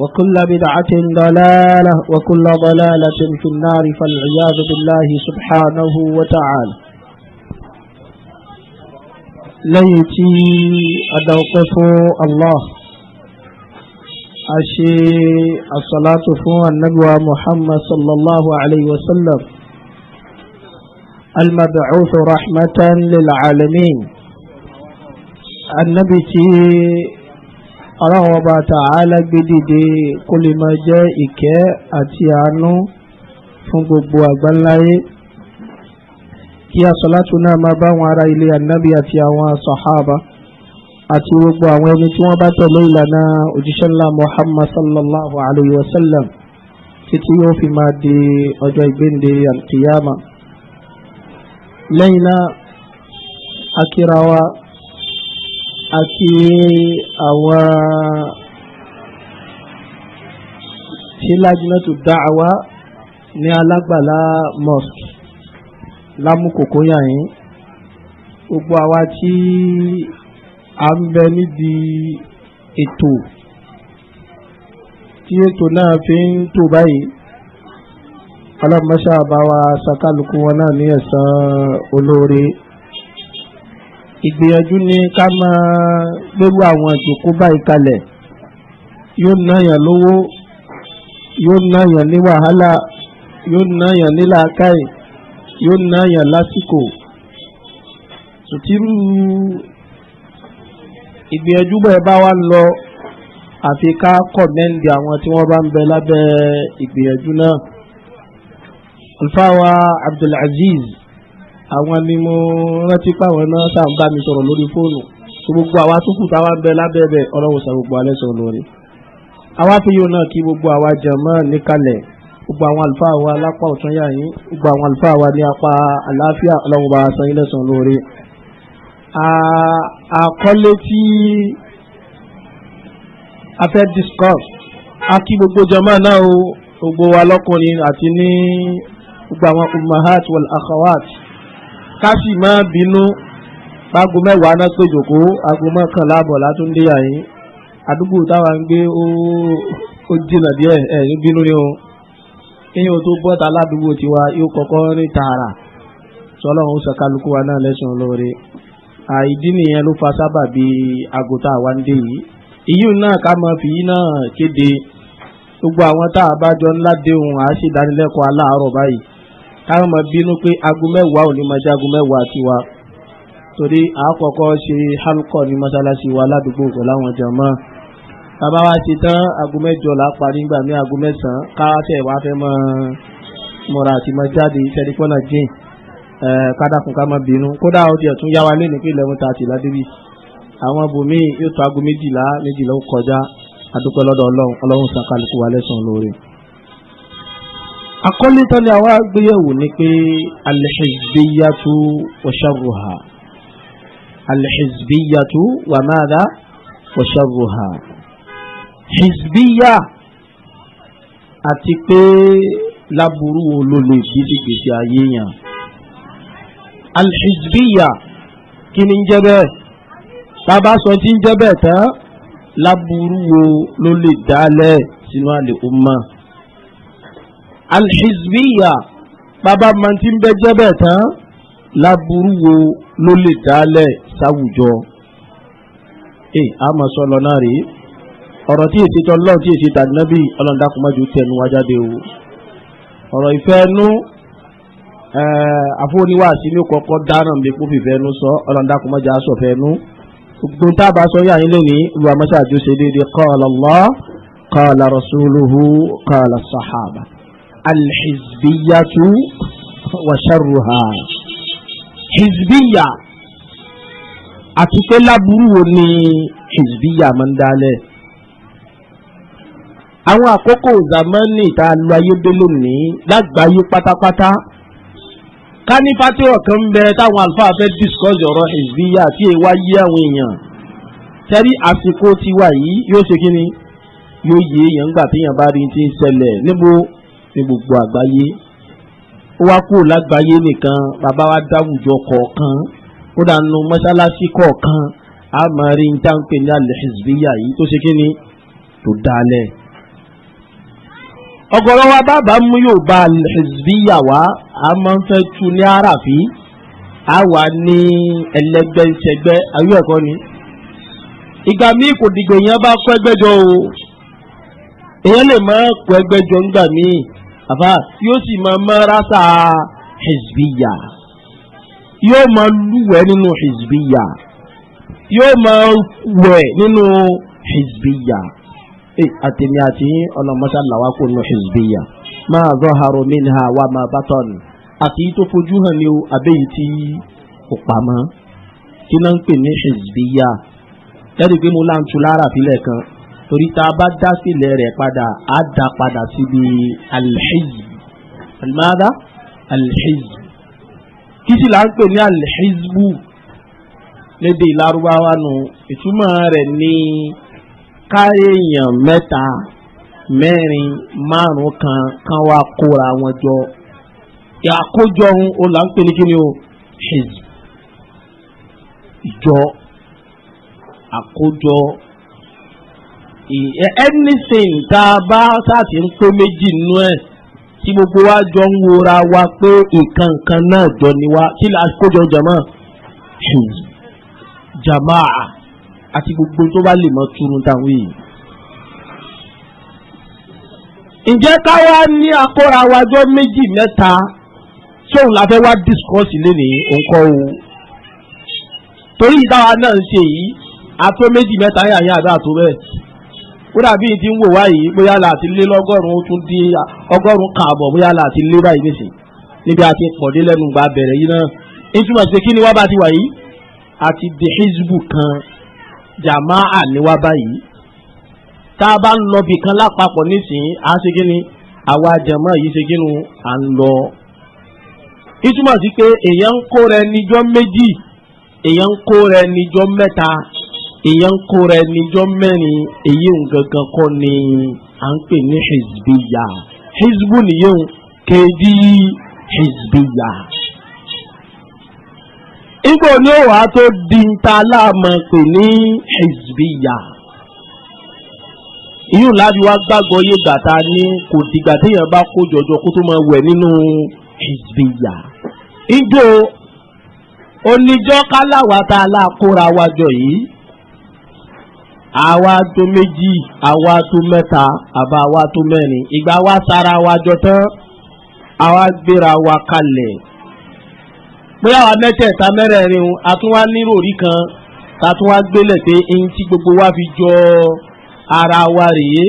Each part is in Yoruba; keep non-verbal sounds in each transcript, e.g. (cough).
وكل بدعة ضلالة وكل ضلالة في النار فالعياذ بالله سبحانه وتعالى ليتي أدوقف الله أشي الصلاة فوق النبوة محمد صلى الله عليه وسلم المبعوث رحمة للعالمين النبي ọlọ́run ọba tààlà gbé dìde kó lè máa jẹ́ ìkẹ́ àti àánú fún gbogbo àgbáńláyé kí asọ́látù náà máa bá àwọn ará ilé ànábì àti àwọn sàhábà àti gbogbo àwọn ẹni tí wọ́n bá tẹ̀lé ìlànà òjíṣẹ́ ńlá muhammad sallallahu alayhi wa sallam títí yóò fi máa di ọjọ́ ìgbéǹde alkiyama lẹ́yìn náà akíra wa àti àwọn tí lájínátù dáàwá ní alágbàlá mosque lámùkòkó yàyín gbogbo àwa tí a ń bẹ níbi ètò tí ètò náà fi ń tò báyìí alámọ́ṣáà bá wa wọn náà ní ẹ̀san olóore ìgbìyànjú ni ká máa gbérú àwọn ìjòkó báyìí kalẹ̀ yóò náyàn lówó yóò náyàn ní wàhálà yóò náyàn ní làákàyè yóò náyàn lásìkò sòtírù ìgbìyànjú bẹ́ẹ̀ bá wá lọ àfi ká kọ̀mẹ́ǹdì àwọn tí wọ́n bá ń bẹ lábẹ́ ìgbìyànjú náà alfa wa Abdulaziz àwọn ni mo rántí páwọn náà tá à ń bá mi sọ̀rọ̀ lórí fóònù tó gbogbo àwa tó kù táwa ń bẹ lábẹ́bẹ̀ ọlọ́run sọ gbogbo alẹ́ sọ̀rọ̀ lórí. àwa fi yóò náà kí gbogbo àwa jàmá níkàlẹ̀ gbogbo àwọn àlùfáà wa lápá ọ̀tún yà yín gbogbo àwọn àlùfáà wa ní apá àlàáfíà ọlọ́run bá a san ilé sàn lórí. àkọlé tí a fẹ́ discuss a kí gbogbo jàmá náà o gbogbo wa lọ́kùnrin àti ní gbogbo àwọn umahat wal akhawat. kásì ma bínú págo mẹ́wàá náà tó jòkó aago mọ́kànlá àbọ̀ látúndé yàyín àdúgbò táwa ń gbé ó jìnà díẹ̀ bínú ni o kíyìn tó bọ́ta aládùúgbò tiwa yóò kọ́kọ́ ní tààrà sọlọ́run wa náà lẹ́sùn lóore àìdí nìyẹn ló fa sábà bí aago tá a ń dé yìí ìyí náà ká máa fi a bá jọ ńlá déhùn àá sì káwọn máa bínú pé aago mẹ́wàá ò ní máa jẹ́ aago mẹ́wàá tiwa torí àkọ́kọ́ ṣe halkọ́ ní mọ́ṣáláṣí wa ládùúgbò kò láwọn jàmáà bàbá wa ṣe tán aago mẹ́jọ là á parí nígbà ní aago mẹ́sàn-án káwáṣẹ́ wa fẹ́ mọ́ mọ́ra àti mọ́ jáde tẹlifọ́nà jìn kádàkùn ká má bínú kódà ó tiẹ̀ tún yá wa lẹ́nu pé eleven thirty ládébí àwọn bòmí yóò tó aago méjìlá méjìlá ó kọjá adúpẹ́ lọ́dọ̀ ọlọ́run ọlọ́run sàkàlùkù wa lẹ́sàn-án lóore àkọlé tán ni àwa gbéyẹ̀wò ni pé alhizbiyatu wa sharruha alhizbiyatu wa madha wa sharruha hizbiya àti pé láburú wo ló lè bíbí gbèsè ayé yàn alhizbiya kí ni ń jẹ́ bẹ́ẹ̀ bàbá sọ tí ń jẹ́ bẹ́ẹ̀ tán láburú wo ló lè dálẹ̀ sínú àlè umma alhizbiya bàbá mantí ń bẹ jẹ́ bẹ́ẹ̀ tán láburú wo ló lè dálẹ̀ sáwùjọ. ẹ a máa sọ lọ náà rèé ọ̀rọ̀ tí èsì tọ́ lọ́ọ̀ tí èsì tàdínábì ọlọ́ndàkùnmájú tẹnu wá jáde o ọ̀rọ̀ ìfẹ́ nú àfọwọ́niwáàsí ní kọ́kọ́ dáná bí kó fìfẹ́ nú sọ ọlọ́ndàkùnmájú aṣọ̀fẹ́ nú tá a bá sọ yà yín lónìí lu àmọ́ṣáájú ṣe déédéé qala Allah qala rasuluhu qala sahaba alḥizbiyatu wa sharruha hizbiya àti pé láburú wo ni hizbiya máa ń dálẹ̀ àwọn àkókò zamani tá a lo ayédèlú ní lágbàáyé pátápátá ká ní fátírọ̀ kan ń bẹ táwọn àlùfáà fẹ́ discuss ọ̀rọ̀ hizbiya tí èyí wá yé àwọn èèyàn tẹ́rí àsìkò tiwa yìí yóò ṣe kí ni yóò yé èèyàn gbà téèyàn bá rí ti ń ṣẹlẹ̀ níbo ní gbogbo àgbáyé ó wá kúrò lágbàáyé nìkan bàbá wa dáwùjọ kọ̀ọ̀kan ó dànù mọ́ṣáláṣí kọ̀ọ̀kan a máa rí níta ń pè ní alẹ́hìsbíyà yìí tó ṣe kí ni tó dalẹ̀. ọ̀gọ̀rọ̀ wa bàbá mú Yorùbá alẹ́hìsbíyà wá a máa ń fẹ́ tu ní àràfí a wà ní ẹlẹ́gbẹ́sẹgbẹ́ ayé ẹ̀kọ́ ni. ìgbà míì kò dìgbò yẹn bá kọ́ ẹgbẹ́jọ o èèyàn lè má kọ́ ẹgbẹ́jọ ńgbà míì àfà yóò sì máa mọ́rásà hizbiya yóò máa lúwẹ̀ nínú hizbiya yóò máa wẹ̀ nínú hizbiya àtẹ̀mí àti ọlọ́mọṣá làwákò nínú hizbiya ma zaharu minha wa ma batan àti yìí tó fojú hàn ní o àbẹ́yìí tí kò pamọ́ kí náà ń pè ní hizbiya lẹ́yìn pé mo láǹtu lára àfilẹ̀ kan torí tá a bá dá sílẹ̀ rẹ̀ padà á dá padà síbi alḥizb alimada alḥizb kí sì là ń pè ní alḥizbu lédè Lárúbáwá nu ìtumọ̀ rẹ̀ ní káyéèyàn mẹ́ta mẹ́rin márùn kan kan wá kóra wọn jọ àkójọ ohun ó là ń pè ní kíni o hizb ìjọ àkójọ anything tá a bá sáàtì ń pé méjì nínú ẹ̀ tí gbogbo wa jọ ń wora wa pé nǹkan kan náà jọ ni wa kí la kójọ jama jama àti gbogbo tó bá lè mọ túrú táwọn yìí. ǹjẹ́ káwa ní akóra wa jọ méjì mẹ́ta sóun la fẹ́ wá discourse lénìí nǹkan o torí ìdáwa náà ń ṣe yìí àtó méjì mẹ́ta yàyà àbẹ́ bẹ́ẹ̀ ó dàbí ti ń wò wá yìí bóyá láti lé lọ́gọ́rùn-ún ó tún di ọgọ́rùn-ún kan àbọ̀ bóyá láti lé báyìí nìsí níbi àti pọ̀dé lẹ́nu gba bẹ̀rẹ̀ yìí náà ìtumọ̀ sí kí ni wá bá ti wà yìí àti di hizbu kan jamaa ni wá báyìí tá a bá ń lọ bì kan lápapọ̀ nísìnyí à ń ṣe kí ni àwa jamaa yìí ṣe kí ni à ń lọ. ìtumọ̀ sí pé èèyàn ń kó rẹ níjọ́ méjì èèyàn ń kó rẹ níjọ́ mẹ́ta ìyẹn kóra ẹnijọ́ mẹ́rin èyí nǹkankan kọ́ ni à ń pè ní hizbiya hizbu nìyẹn kéèdì hizbiya. igbó ni ó wàá tó di ta láàmà pè ní hizbiya. ìyún láti wá gbàgbọ́ yé gbàtà ní kò dìgbà téèyàn bá kó jọjọ kó tó máa wẹ̀ nínú hizbiya. igbó oníjọ́ káláwa tá a lá kóra wájọ yìí àwa tó méjì àwa tó mẹ́ta àbá àwa tó mẹ́rin ìgbà wa sára wa jọ tán àwa gbéra wa kalẹ̀ pé àwa mẹ́tẹ̀ẹ̀ta mẹ́rẹ̀ẹ̀rin a nírò rí kan ta gbélẹ̀ pé eyín tí gbogbo wa fi jọ ara wa rèé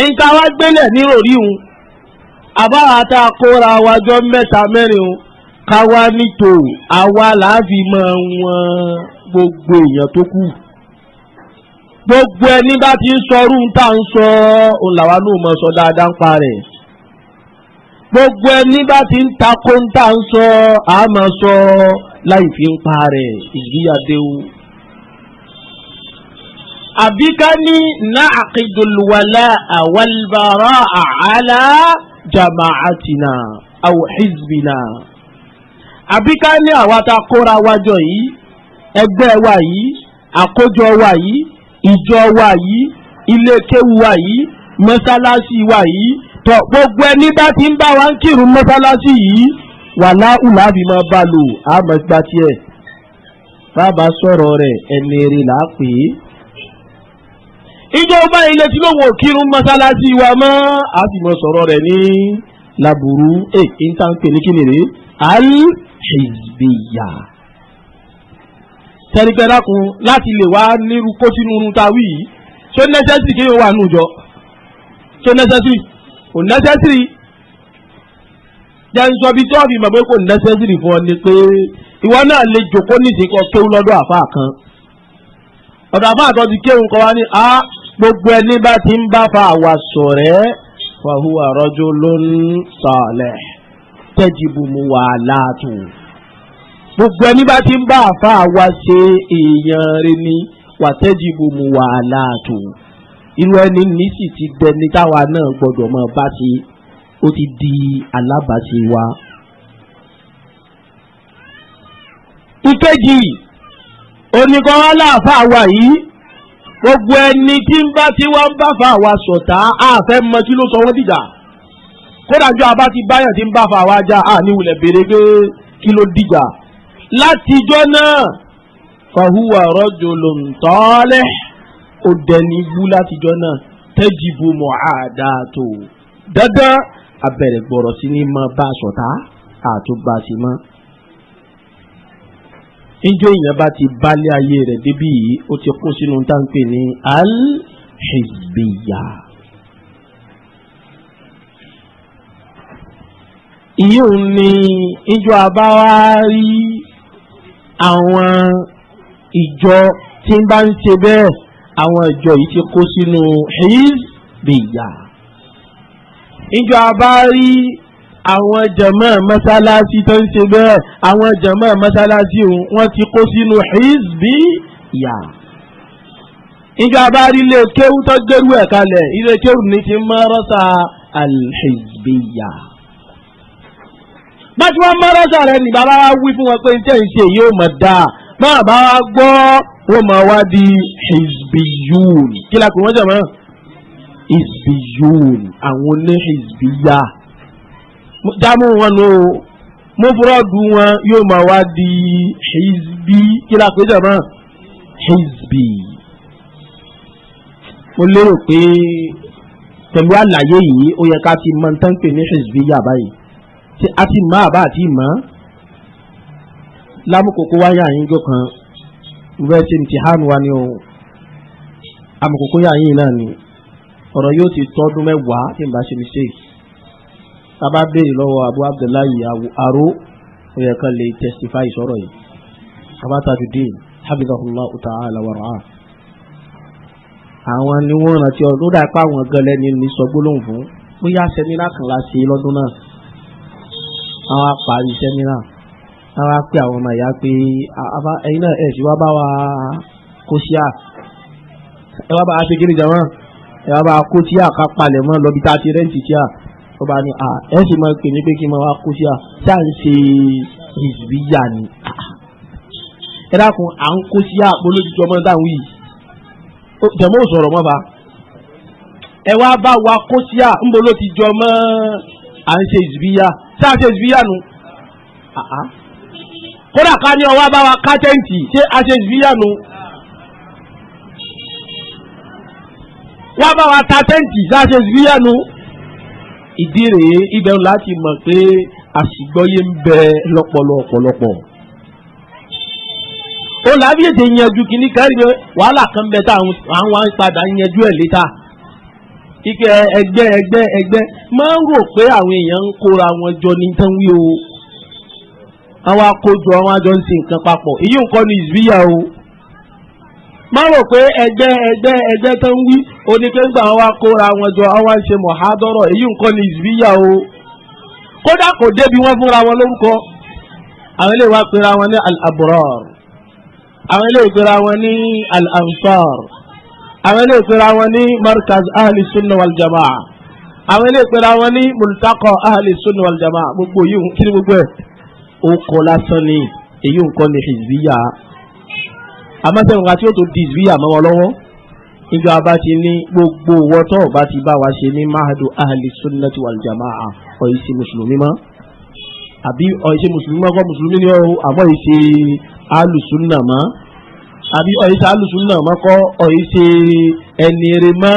eyín tá a wá gbélẹ̀ nírò rí un àbá àtà kóra wa jọ mẹ́ta mẹ́rin ká wá nítò àwa làá fi mọ wọn gbogbo èèyàn tó kù gbogbo ẹni bá ti ń sọrú ń tà ń sọ òun làwa náà mọ̀ sọ dáadáa ń pa rẹ̀ gbogbo ẹni bá ti ń takò ń tà ń sọ àmọ́ sọ láì fi ń pa rẹ̀ ìyíyàdé àbí ká ní na'qidul wala'a wal bara'a ala jama'atina aw àbí ká ní àwa ta kóra wájọ yìí ẹgbẹ́ wa yìí àkójọ wa yìí ìjọ wa yìí ilé kéwu wa yìí mọ́sálásí wa yìí tọ́ gbogbo ẹni bá ti ń bá wa ń kírun mọ́sálásí yìí wàhálà ùlàbí máa bá lò àmọ́ gba tiẹ̀ bàbá sọ̀rọ̀ rẹ̀ ẹni eré là á pè é. ìjọba ilé tí ló wò kírun mọ́sálásí wa mọ́ a sì sọ̀rọ̀ rẹ̀ ní laburu ẹ̀ kí rè é al-hizbiyya tẹ́lifẹ́ dákun láti lè wá nírú kó sínú irun ta wí yìí ṣó nẹ́sẹ̀sìrì kí yóò wà nù jọ ṣó nẹ́sẹ̀sìrì kò nẹ́sẹ̀sìrì jẹ́ ń sọ bí tọ́ọ̀bì mọ̀ pé kò nẹ́sẹ̀sìrì fún ọ ni pé ìwọ náà lè jòkó nísìnyí kọ kéwú lọ́dọ̀ àfa kan ọ̀dọ̀ àfa àtọ́ ti kéwú kọ wá ní a gbogbo ẹni bá ti ń bá fa àwa sọ̀rẹ́ fahuwa rajulun salih tajibu muwalatu gbogbo ẹni bá ti ń bá àfa wa ṣe èèyàn rẹ ni wàtẹ́jì bò mú wa aláàtò irú ẹni ní sì ti dẹni táwa náà gbọdọ̀ mọ̀ bá ṣe ó ti di alábàáṣe wa. ìkejì oníkan aláàfà wa yìí gbogbo ẹni tí ń bá tí wọ́n ń bá fà wá sọ̀tá àfẹ́ mọ kí ló sọ wọ́n dìjà kódà jọ abá ti báyọ̀ tí ń bá fà wá já àníwulẹ̀ béèrè pé kí ló dìjà látijọ́ náà fahuwa rajulun talih ó dẹni wú látijọ́ náà tẹ́jìbù mu'adatu dandan abẹ̀rẹ̀ gbọ̀rọ̀ sí ni máa bá a sọ̀tá àtúgbà sí mọ́. níjó èèyàn bá ti bálé ayé rẹ̀ débí yìí ó ti kó sínú táǹpì ní al-hizbiyya. ìyóò ní ìjọ abáwá rí àwọn ìjọ tí ń bá ń ṣe bẹ́ẹ̀ àwọn ìjọ yìí ti kó sínú hizbiya. ìjọ abárí àwọn jàmá mọ́sálásí tó ń ṣe bẹ́ẹ̀ àwọn jàmá mọ́sálásí wọn ti kó sínú hizbiya. ìjọ abárí ilé kéwú tó gbérú ẹ̀ kalẹ̀ ilé kéwú ní ti mọ́rọ́sà al-hizbiya bá tí wọ́n mọ́ lọ́sọ̀ rẹ̀ ní bàbá wa wí fún wọn pé ní tẹ̀yìn ṣe yóò mọ̀ dáa máa bá wa gbọ́ wọ́n máa wá di hizbiyun kí la kò wọ́n jẹ̀ mọ́ hizbiyun àwọn oní hizbiya jámù wọn nù o wọn yóò máa wá di hizbi kí la kò jẹ̀ mọ́ hizbi mo lérò pé pẹ̀lú àlàyé yìí ó yẹ ká ti mọ̀ tán pè ní hizbiya báyìí ṣe a ti mọ àbá àti mọ lámùkòkò wáyà yín jọ kan ìwé ṣe ti hàn wá ní o àmùkòkò yà yín náà ni ọ̀rọ̀ yóò ti tọ́dún mẹ́wàá tí n bá ṣe mistake tábà béèrè lọ́wọ́ abu abdullahi aro ó yẹ kán lè testify sọ̀rọ̀ yìí bàbá tajudeen habibullah ta'ala wa ra'a àwọn ni wọ́n rántí ọdún ó dà pé àwọn gan lẹ́ni ní fún bóyá sẹ́mínà kan la ṣe lọ́dún náà àwọn apàrí sẹ́mínà àwọn apẹ́ àwọn ọmọ ìyá pé ẹ̀yin náà ẹ̀ sì wá bá wa kó síà ẹ wá bá a ṣe kí ni jàmọ́ ẹ wá bá a kó síà ká palẹ̀ mọ́ lọ́bi tá a ti rẹ́ǹtì síà ó bá ní à ẹ sì máa pè mí pé kí n máa wá kó síà tá ń ṣe ìzbíyà ni ẹ dákun à ń kó síà polójútó ọmọ dáhùn yìí jẹ̀mọ́ ò sọ̀rọ̀ mọ́ ba ẹ wá bá wa kó síà ńbo ló ti jọ mọ́ à ń ṣe ìzìbíyà ṣáà ṣe ìzìbíyà nu kódà ká ní ọwọ́ bá wa kátẹ́ǹtì ṣé a ṣe ìzìbíyà nu wọ́n bá wa ta tẹ́ǹtì ṣáà ṣe ìzìbíyà nu ìdí rèé ibẹ̀ láti mọ̀ pé àṣìgbọ́yé ń bẹ lọ́pọlọ ọ̀pọ̀lọpọ̀ ó làbí ètè yanjú wàhálà kan bẹ tá àwọn wa ń padà yanjú ẹ̀ létà ike ẹgbẹ́ ẹgbẹ́ ẹgbẹ́ máa ń rò pé àwọn èèyàn ń kóra wọn jọ ní tán wí o àwọn akójọ àwọn àjọ ń ṣe nǹkan papọ̀ èyí nǹkan ni ìzbíyà o máa rò pé ẹgbẹ́ ẹgbẹ́ ẹgbẹ́ tán wí oníkéńgbà àwọn akóra wọn jọ àwọn àṣẹ mọ̀hádọ́rọ̀ èyí nǹkan ni ìzbíyà o kódà kò débi wọn fúnra wọn lórúkọ àwọn eléyìí wá pera wọn ní al-abrar àwọn eléyìí pera wọn ní al àwọn ilé ìpera wọn ní markaz ahli sunna wal jamaa àwọn ilé ìpera wọn ní multaqa ahli sunna wal jamaa gbogbo yìí kí ni gbogbo ẹ̀ ó kọ́ lásán ni èyí nǹkan ní hizbiya àmọ́ sẹ́yìn nǹkan tí ó tó di hizbiya mọ́ wọn lọ́wọ́ níjọ́ abá ti ní gbogbo owó tó ọba ti bá wa ṣe ní mahadu ahli sunnati wal jamaa ọ̀yìn sí mùsùlùmí mọ́ àbí ọ̀yìn sí mùsùlùmí mọ́ kọ́ mùsùlùmí ni ọ̀ àmọ́ ìṣe alùsùnà mọ́ àbí ọ̀yí tá alùsùn náà máa kọ́ ọ̀yí ṣe ẹni eré mọ́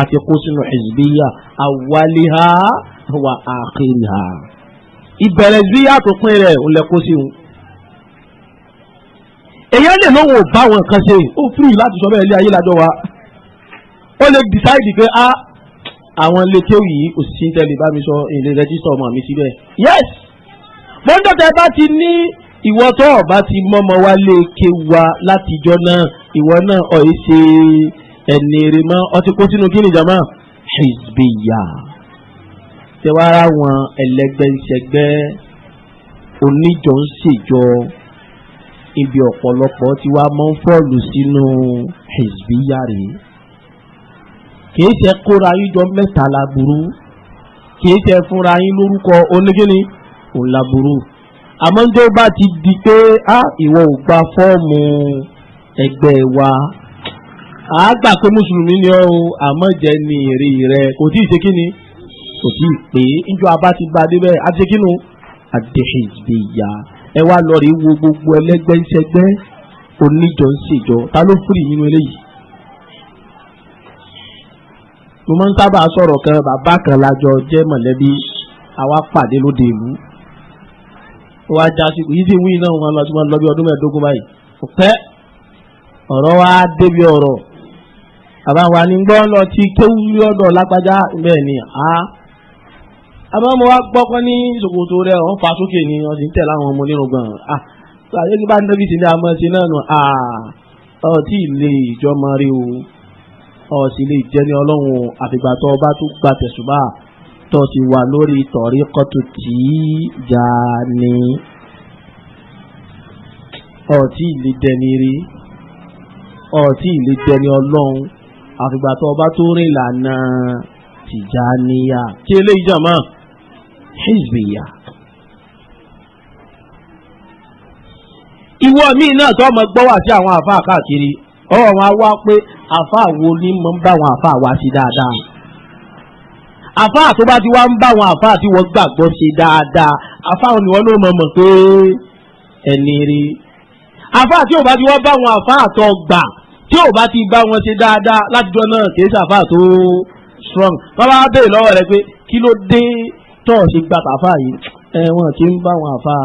àti kó sínú hizbiyya awwaliha wa akhiriha. ìbẹ̀rẹ̀ hizbiyya tó pín rẹ̀ ò lẹ kó sí wọn. èèyàn lè lóun ò bá wọn kan ṣe ó fúri láti sọ bẹ́ẹ̀ lé ayé lájọ wa ó lè decide pé a ah, àwọn ilé tí ó yìí kò sí tẹ́lẹ̀ bá mi sọ ilé rẹ́jísítọ̀ ọmọ mi síbẹ̀. yes mo ń dọ̀tẹ̀ bá ti ní ìwọ tó ọba ti mọmọ wa lè ké wa látijọ́ náà ìwọ náà ọ̀ ẹ́ ṣe ẹni rẹ mọ́ ọtí kó sínú kí ni jama hizbiya tẹwàá wọn ẹlẹgbẹnsẹgbẹ oníjọ ń ṣèjọ ibi ọ̀pọ̀lọpọ̀ tí wàá mọ́ ń sínú hizbiya rè kìí ṣe kóra yín jọ laburu kìí ṣe fúnra yín lórúkọ oníkíni òun laburu àmọ́ ń tó bá ti di pé á ah, ìwọ ò gba fọ́ọ̀mù ẹgbẹ́ wa à á gbà pé mùsùlùmí ni ọ́ o àmọ́ jẹ́ ni èrè rẹ kò tí ì ṣe kí ni kò tí ì pé níjọ́ abá ti gba dé bẹ́ẹ̀ á ti ṣe kí nu àdéhìndéyà ẹ wá lọ rí wo gbogbo ẹlẹ́gbẹ́ ìṣẹ́gbẹ́ oníjọ ń ṣèjọ ta ló fúri nínú eléyìí. mo máa ń sábà sọ̀rọ̀ kan bàbá kan lájọ jẹ́ mọ̀lẹ́bí àwa pàdé lóde ìlú wá já sí yìí ti wí náà wọn lọ sí wọn lọ bí ọdún mẹ́ẹ̀ẹ́dógún báyìí kò pẹ́ ọ̀rọ̀ wa débi ọ̀rọ̀ àbáwọn ànígbọ́ lọ ti kéwú lọ́dọ̀ lápájá bẹ́ẹ̀ ni a àbámu wa gbọ́kọ́ ní ṣòkòtò rẹ̀ wọ́n fa sókè ni wọ́n ti ń tẹ̀lé àwọn ọmọ onírun gan a sọ àyè kí bá ń dẹ́bìtì ní àmọ́ ṣe náà nù a ọtí ilé ìjọmọ rí o ọtí ilé ìjẹni ọlọ́run àfìgbà tó ọba tó gba tẹ̀sùbà tó ti wà lórí tọ̀rí kọ́tù tí jà ní ọ̀tí ìlú dẹni rí ọ̀tí ìlú dẹni ọlọ́run àfìgbà tó ọba tó rìn lànà Tìjàníyà kí eléyìí jàmá hizbiya. ìwọ míì náà tó ọmọ gbọ́ wà sí àwọn àfa káàkiri ọ̀rọ̀ wọn á wá pé àfa wo ni mo ń bá àwọn àfa wá sí dáadáa àfáà tó bá ti wá ń bá àwọn àfáà tí wọ́n gbàgbọ́ ṣe dáadáa àfáà ni wọ́n ló mọ̀ mọ̀ pé ẹni rí àfáà tí ò bá ti wá bá àwọn àfáà tó gbà tí ò bá ti bá wọn ṣe dáadáa látijọ́ náà kì í ṣe àfáà tó strong wọ́n bá béèrè lọ́wọ́ rẹ pé kí ló dé tó ò ṣe gbà àfáà yìí ẹ wọn kì í bá àwọn àfáà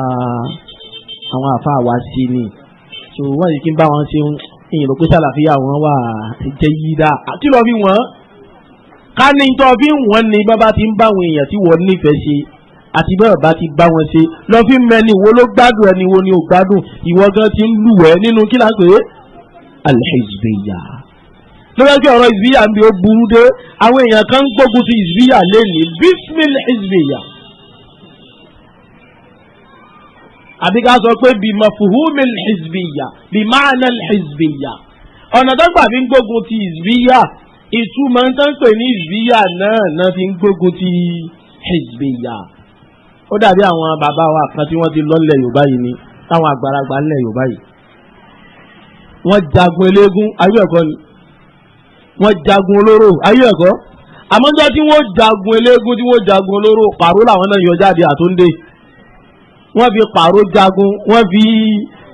àwọn àfáà wá sí ni so wọ́n yìí kì í bá wọn ṣe ń ìyìnbó pé sàlàfíà wọn wà jẹ́ yí dáa àti lọ́ọ́ fi wọ́n ká ní tó fi ń wọ́n ni bá bá ti ń bá àwọn èèyàn tí wọ́n nífẹ̀ẹ́ ṣe àti bẹ́ẹ̀ bá ti bá wọn ṣe lọ fi mẹ́ni wo ló gbádùn ẹni wo ni ò gbádùn ìwọ gan ti ń lùwẹ̀ nínú kí lápè alhizbiya lọ́wọ́ pé ọ̀rọ̀ hizbiya ń bi ó burú dé àwọn èèyàn kan ń gbógun ti hizbiya lẹ́nìí bísmìl hizbiya àbí ká sọ pé bí mafuhumil hizbiya bí máàna hizbiya ọ̀nà tó gbà ń gbógun ti hizbiya ìtumọ̀ ń tán pè ní ìzíyà náà náà fi ń gbógun ti hizbiya ó dàbí àwọn bàbá wa kan tí wọ́n ti lọ nílẹ̀ yorùbá yìí ni táwọn àgbàlagbà nílẹ̀ yorùbá yìí wọ́n jagun eléégún ayé ẹ̀kọ́ ni wọ́n jagun olóró ayé ẹ̀kọ́ àmọ́jọ́ tí wọ́n jagun eléégún tí wọ́n jagun olóró pàró làwọn náà yọ jáde àtúndé wọ́n fi pàró jagun wọ́n fi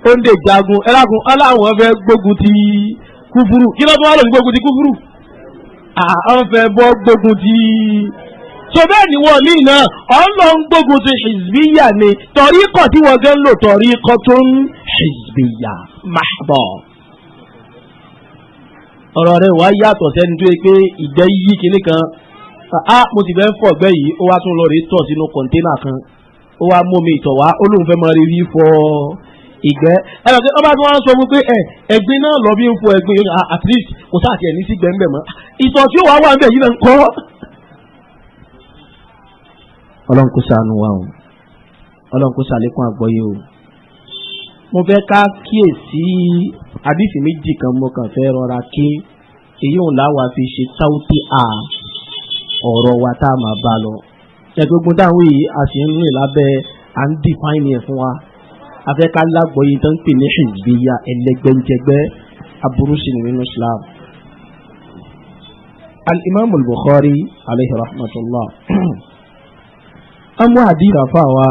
óńdè jagun ẹ̀rákun ọ̀làwọn fẹ́ gbógun ti kúfúrú kí ló fún wa lòun gbógun ti kúfúrú àwọn fẹ́ bọ́ gbógun ti so bẹ́ẹ̀ ni wọ́n mí náà ọlọ́ ń gbógun ti hizbiya ni torí kọ̀ tí wọ́n gẹ́ ń lò torí kọ́ tó ń hizbiya mahbọ̀. ọ̀rọ̀ rẹ̀ wá yàtọ̀ sẹ́ni tó yẹ pé ìgbẹ́ yí kinní kan a mo ti fẹ́ fọ̀gbẹ́ yìí ó wá tún lọ rèé tọ̀ sínú kọ̀ńténà kan ó wá mú mi ìtọ̀ wá ó lóun fẹ́ máa rí rí fọ́ ọ́ ìgbẹ́ ẹ̀rọ pé ọba tí wọ́n á sọ fún pé ẹ̀ ẹ̀gbin náà lọ bí ń fọ ẹ̀gbin yóò ah, at least kò sáà tiẹ̀ ní sí gbẹ̀ǹgbẹ̀ mọ́ ìtọ̀ tí ó wà wà ńbẹ̀ yìí náà ń kọ́. ọlọ́run kò ṣàánú wa o ọlọ́run kò ṣàlékún àgbọ́yé o mo fẹ́ ká kíyèsí àdìsí méjì kan mo kàn fẹ́ rọra kí èyí òun láwa fi ṣe táwùtì à ọ̀rọ̀ wa tá a máa bá lọ ẹgbẹ́gun dáhùn yìí a sì ń à ń dìfáìnì ẹ̀ fún wa afẹ́ká lágbọ̀ọ́yé tó ń pè ní ṣùgbéyà ẹlẹgbẹ́njẹgbẹ́ aburú sí ni nínú islam. al-imam al-bukhari alayhi rahmatullah amu hadira fawa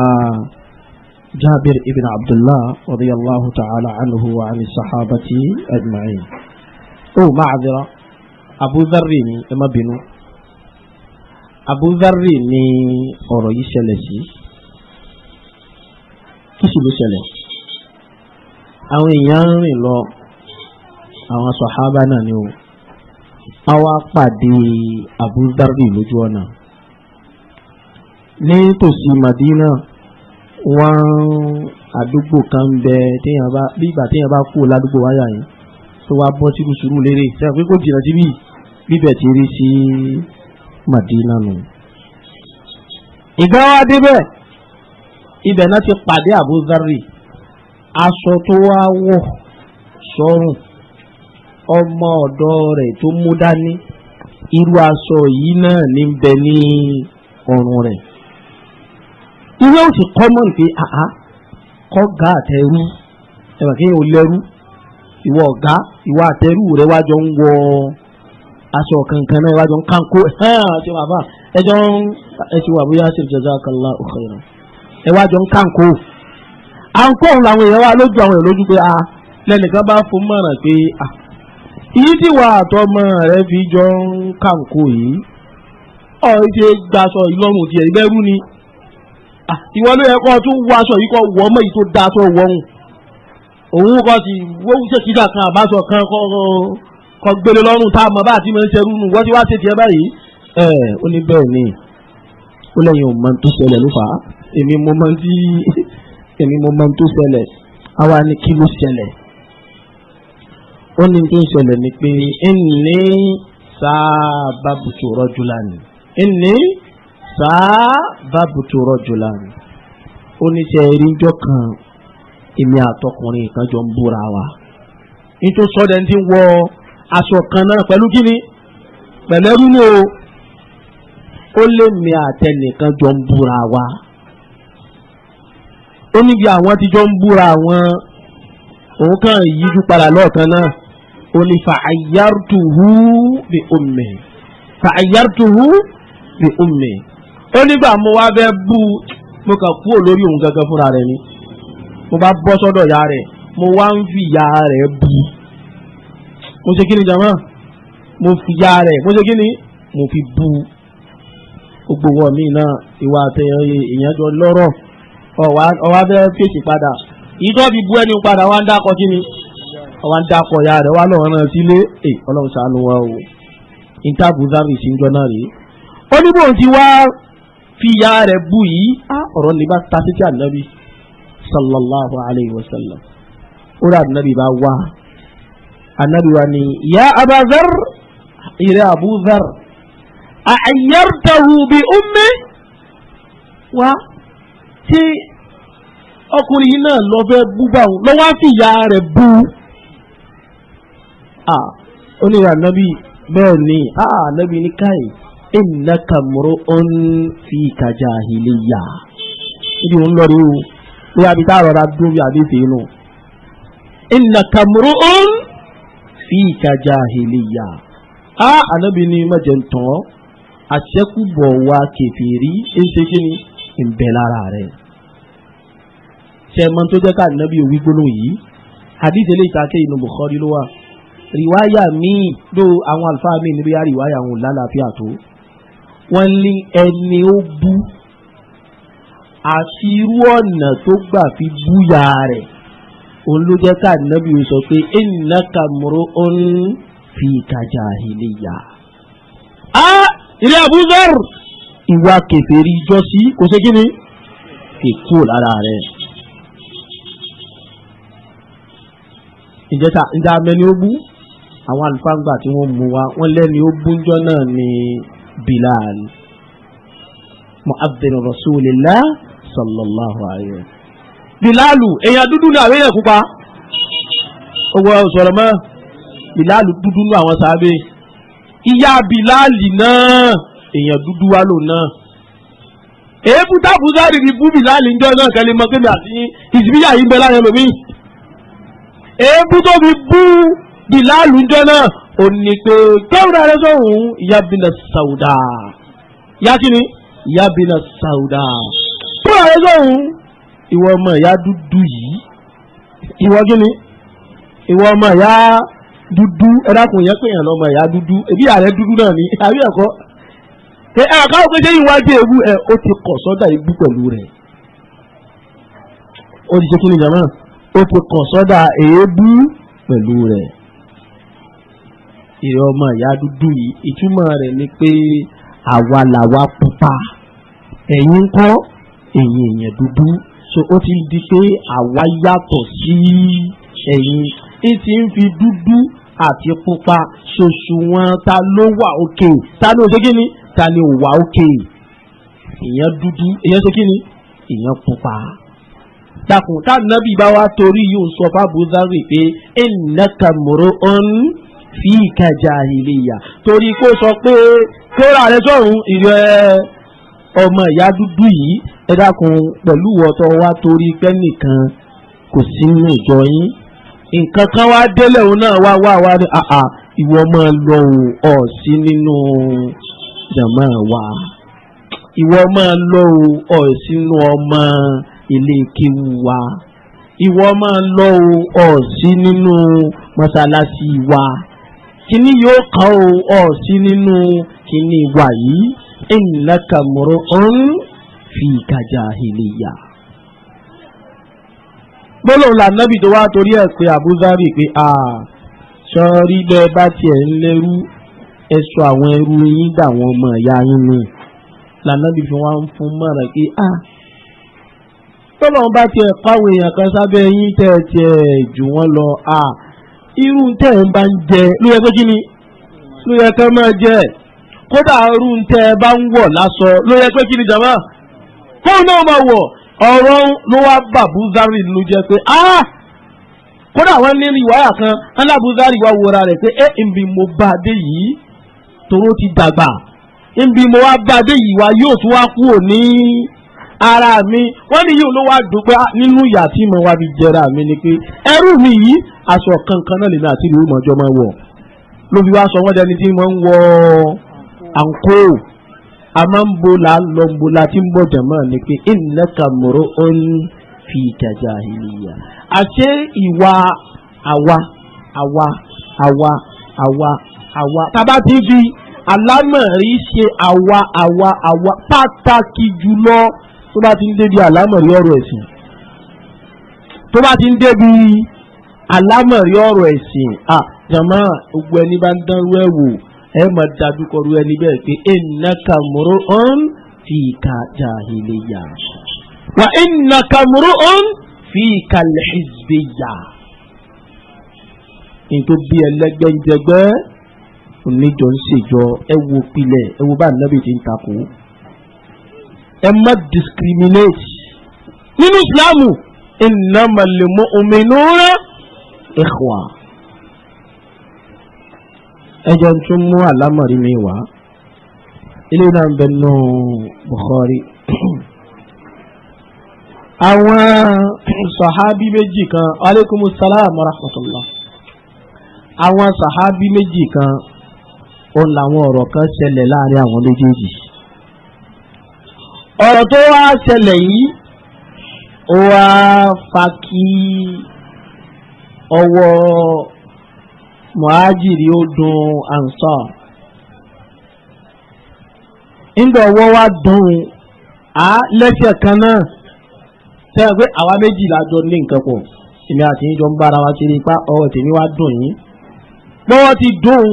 jabir ibn abdullah radiyallahu ta'ala anhu wa ani sahabati ajma'in. o maadira abu dharri ni ẹ má bínú abu dharri ni ọ̀rọ̀ yìí ṣẹlẹ̀ sí. Si kí sì ló ṣẹlẹ̀ àwọn èèyàn ń rìn lọ àwọn sọ̀hábà náà ni o àwa pàdé Abu lójú ọ̀nà nítòsí Madina wọ́n àdúgbò kan bẹ téèyàn bá bí ìgbà téèyàn bá kú ládùúgbò wáyà yìí tó wá bọ́ sínú sùúrù lérè sẹ́yìn pé kò jìnnà síbí bíbẹ̀ ti rí sí Madina nù. ìgbà wa débẹ̀ ibẹ̀ náà ti pàdé àbúzárì aṣọ tó wá wọ̀ sọ́rùn ọmọ ọ̀dọ́ rẹ̀ tó mú dání irú aṣọ yìí náà ní bẹ ní ọrùn rẹ̀ irú òsì kọ́mọ̀n pé àá kọ́ ga àtẹrú ẹ̀wà kí yẹn ò lẹ́rú ìwọ ọ̀gá ìwọ àtẹrú rẹ̀ wá jọ ń wọ aṣọ kankan náà wá jọ ń kánkó ẹ̀hán ń ẹ̀sìn wà bóyá ṣe jazakallahu khairan ẹ wá jọ ń kánkó àǹkó òun làwọn èèyàn wá lójú àwọn èèyàn lójú pé a ah, lẹ́nìkan bá fún mọ̀ràn pé a ah, yìí tí wà àtọmọ rẹ fi jọ ń kánkó yìí ọ ti gbaṣọ ìlọrun tiẹ̀ ìbẹ́rú ni ah, ìwọ ló yẹ kó tún wọ aṣọ yìí kó wọ ọmọ yìí tó da aṣọ wọ̀hún òun kò sì wọ́n ṣe kíkà kan àbáṣọ kan kọ́ gbélé lọ́rùn tá a mọ̀ bá àti mọ̀ ń ṣerú nù wọ́n ti wá ṣe tiẹ̀ báyìí. ẹ ó ní bẹ́ẹ̀ ni ó lẹ́yìn òun máa tó ṣẹlẹ̀ ló fà á èmi mo máa ń tí èmi mo máa ń tó ṣẹlẹ̀ àwa ni kí ló ṣẹlẹ̀ ó ní tó ń ṣẹlẹ̀ ni pé ẹnì sábà bùtù rọ́jò lánìí ẹnì sábà bùtù rọ́jò lánìí ó ní sẹ́ ẹ̀ríjọ́ kan èmi àtọkùnrin kan jọ ń búra wa nítorí sọ́dẹ̀ ti ń wọ aṣọ kan náà pẹ̀lú kíni pẹ̀lú ẹrú ni o ó lé mi àtẹnìkan jọ ń búra wa ó níbi àwọn tíjọ́ ń búra àwọn òun kàn yíjú padà lọ́ọ̀kan náà ó ní fàáyártuhu bi ummi fàáyártuhu bi ummi ó nígbà mo wá fẹ́ bú mo kàn kúrò lórí òun gangan fúnra rẹ̀ ni mo bá bọ́ sọ́dọ̀ ìyá rẹ̀ mo wá ń fi ìyá rẹ̀ bú mo ṣe kí ni jama mo fi ìyá rẹ̀ mo ṣe kí ni mo fi bú gbogbo wọ̀ mí náà ìwà àtẹ̀yẹ ìyẹn jọ lọ́rọ̀ ọ̀wá bẹ́ẹ̀ fèsì padà yìí tó fi bu ẹni padà wá ń dákọ̀ kí ni wá ń dákọ̀ ya rẹ̀ wá lọ́wọ́ náà sílé ẹ̀ ọlọ́run ṣàánú wa o intabu zari sí ń jọ náà rèé ó ní bóun fi ya rẹ̀ bu yìí á ọ̀rọ̀ ní bá títí ànábì sallallahu alayhi wa sallam ó rà ànábì bá wá ànábì wa ni ya abazar ìrẹ́ abuzar àyẹ̀rẹ̀ tàwùbí ummi wa tí ọkùnrin yìí náà lọ fẹ́ bú bá òun lọ́wọ́ fi ìyá rẹ̀ bú ó ní ànábì bẹ́ẹ̀ ni ànábì ní káyìí innaka mru'un fi kajahiliya ibi ń lọrí o ní abi tá a rọra dún bí abi fi inú innaka mru'un fi kajahiliya a ànábì ní má ń tán àṣẹ́kù bọ̀ wá kẹfìrí ń ṣe kí ni ń bẹ lára rẹ̀ ṣe mọ tó jẹ́ ká nàbí òwí gbólóhùn yìí hadith eléyìí káké inú Bukhari ló wà rìwáyà míì ló àwọn àlùfáà míì níbi àríwáyà òun lálàáfíà tó wọ́n ní ẹni ó bú àti ọ̀nà tó gbà fi búyà rẹ̀ òun ló jẹ́ ká nàbí òun sọ pé innaka mru'un fi ka jahiliya. a ilé Abu ìwà kèfèrí jọ́sí kò ṣe kí ni kè kúrò lára rẹ̀. ìjẹta ìjà mẹni ó bú àwọn alifangba tí wọ́n mú wa wọ́n lẹ́ni ó búnjọ́ náà ní Bilal mu'abdin rasulillah sallallahu alayhi wa sallam. Bilalu èèyàn dúdú ni àwọn èèyàn pupa owó sọ̀rọ̀ mọ́ Bilalu dúdú ni àwọn sábẹ́ ìyá Bilali náà èèyàn dúdú wá lò náà èébú táàbù sáré ní búbì láàlì ńjọ náà kẹlẹ́ mọ́ kéde àti ìsìbíyà yìí bẹ láyọ̀ lómi èébú tó fi bú bìláàlù ńjọ náà ò ní pé kẹ́wùrà rẹ sọ̀hún ìyá bìnà sàwùdà ìyá kí ni ìyá bìnà sàwùdà kẹ́wùrà rẹ sọ̀hún ìwọ ọmọ ìyá dúdú yìí ìwọ kí ni ìwọ ọmọ ìyá dúdú ẹ dákun yẹn pé yẹn lọmọ ìyá dúdú èbí ààrẹ dúdú náà ni àbí ẹ̀kọ́ ẹ àkàwọ̀ pé sẹ́yìn wájú ewu ẹ ó ti kọ̀ sọ́dà egbú pẹ̀lú rẹ̀ ó ti ṣe kí ni jàmá ó ti kọ̀ sọ́dà eébú pẹ̀lú rẹ̀ ìrẹ́ ọmọ ìyá dúdú yìí ìtumọ̀ rẹ̀ ni pé àwa làwa pupa ẹ̀yin kọ́ ẹ̀yin èèyàn dúdú so ó ti di pé àwa yàtọ̀ sí ẹ̀yin ń ti ń fi dúdú àti pupa ṣoṣù wọn ta ló wà òkè ta ló ṣe kí ni ta ni ò wá òkè èèyàn dúdú èèyàn ṣe kí ni èèyàn pupa dàkùn tá nàbì bá wa torí yóò sọ fábùzárì pé innaka mur'un fika jahiliya torí kó sọ pé kóra rẹ sọ̀rùn ìrẹ́ ọmọ ìyá dúdú yìí ẹ dákun pẹ̀lú wọ́tọ̀ wa torí pẹ́nìkan kò sí nínú ìjọ yín nǹkan kan wá délẹ̀ òun náà wá wá wá ní àà ìwọ máa lọ òun ọ̀ sí nínú jàmá wa ìwọ máa lọ o ọ sínú ọmọ ilé kéwu wa ìwọ máa lọ o ọ sí nínú mọ́sálásí wa kíní yóò kàn o ọ sí nínú kíní wa yìí innaka mur'un fika jahiliya. gbọ́dọ̀ la nábì tó wá torí ẹ̀ pé Abu pé a sọ bẹ́ẹ̀ bá tiẹ̀ ń lérú ẹ sọ àwọn ẹrú yín dà wọn ọmọ ìyá yín ni lànàbí fi wá ń fún mọ́ra pé a ah, tọ́lọ́run bá tiẹ̀ pàwọ̀ èèyàn kan sábẹ́ yín tẹ̀ tiẹ̀ jù wọ́n lọ a ah, irú tẹ̀ ń bá ń jẹ ló yẹ kó kí ni ló yẹ kó máa jẹ kódà irú tẹ̀ bá ń wọ̀ lásọ ló yẹ kó kí ni jàmá fóun náà máa wọ̀ ọ̀rọ̀ ló wá bà búzárì ló jẹ pé a ah! kódà wọn ní ìwáyà kan alábùzárì wá wọra rẹ̀ pé ẹ̀ eh, ń bí mo bá a dé yìí tòró ti dàgbà níbi mo wá bá dé yìí wá yóò tún wá kúrò ní ara mi wọ́n ní yóò ló wá dùgbà ah, nínú ìyà tí mo wá fi jẹra mi ni pé ẹrú mi yìí aṣọ kankan náà lèmi àti ìlú ìmọ̀jọ́ máa wọ̀ ló fi wá sọ wọ́n dẹni tí wọ́n ń wọ àǹkó amambola lọ́mbola tí ń bọ̀ jàmọ́ ni pé innaka mur'un fi jahiliya àṣé ìwà àwa àwa àwa àwa àwa tábà ti fi àlámọ̀rí ṣe àwa àwa àwa pàtàkì jùlọ tó bá ti ń débi àlámọ̀rí ọ̀rọ̀ ẹ̀sìn tó bá ti ń débi àlámọ̀rí ọ̀rọ̀ ẹ̀sìn à jàmá gbogbo ẹni bá ń dánrú ẹ̀ wò ẹ máa dadúkọrú ẹni bẹ́ẹ̀ pé innaka mur'un fika jahiliya wa innaka mur'un fika al-hizbiya nítorí bí ń jẹgbẹ́ oníjọ ń ṣèjọ ẹ wo pilẹ̀ ẹ wo bá nàbì ti ń takò ẹ má discriminate nínú ìsìláàmù innamal mu'minuna ikhwa ẹjọ tún mú àlámọ̀rí mi wá ilé náà ń bẹ nù Bukhari àwọn sàhábí méjì kan alaikumus salam wa rahmatullah àwọn Sahabi méjì kan ó làwọn ọ̀rọ̀ kan ṣẹlẹ̀ láàrin àwọn méjèèjì ọ̀rọ̀ tó wá ṣẹlẹ̀ yìí ó wá fa kí ọwọ́ muhajiri ó dùn ansar nígbà ọwọ́ wa dùn á lẹ́sẹ̀ kan náà sẹ́yìn pé àwa méjì la jọ ní nǹkan pọ̀ èmi àti yín ń bára wa ṣe ní ipa ọwọ́ tèmi wá dùn yín pọ́wọ́ ti dùn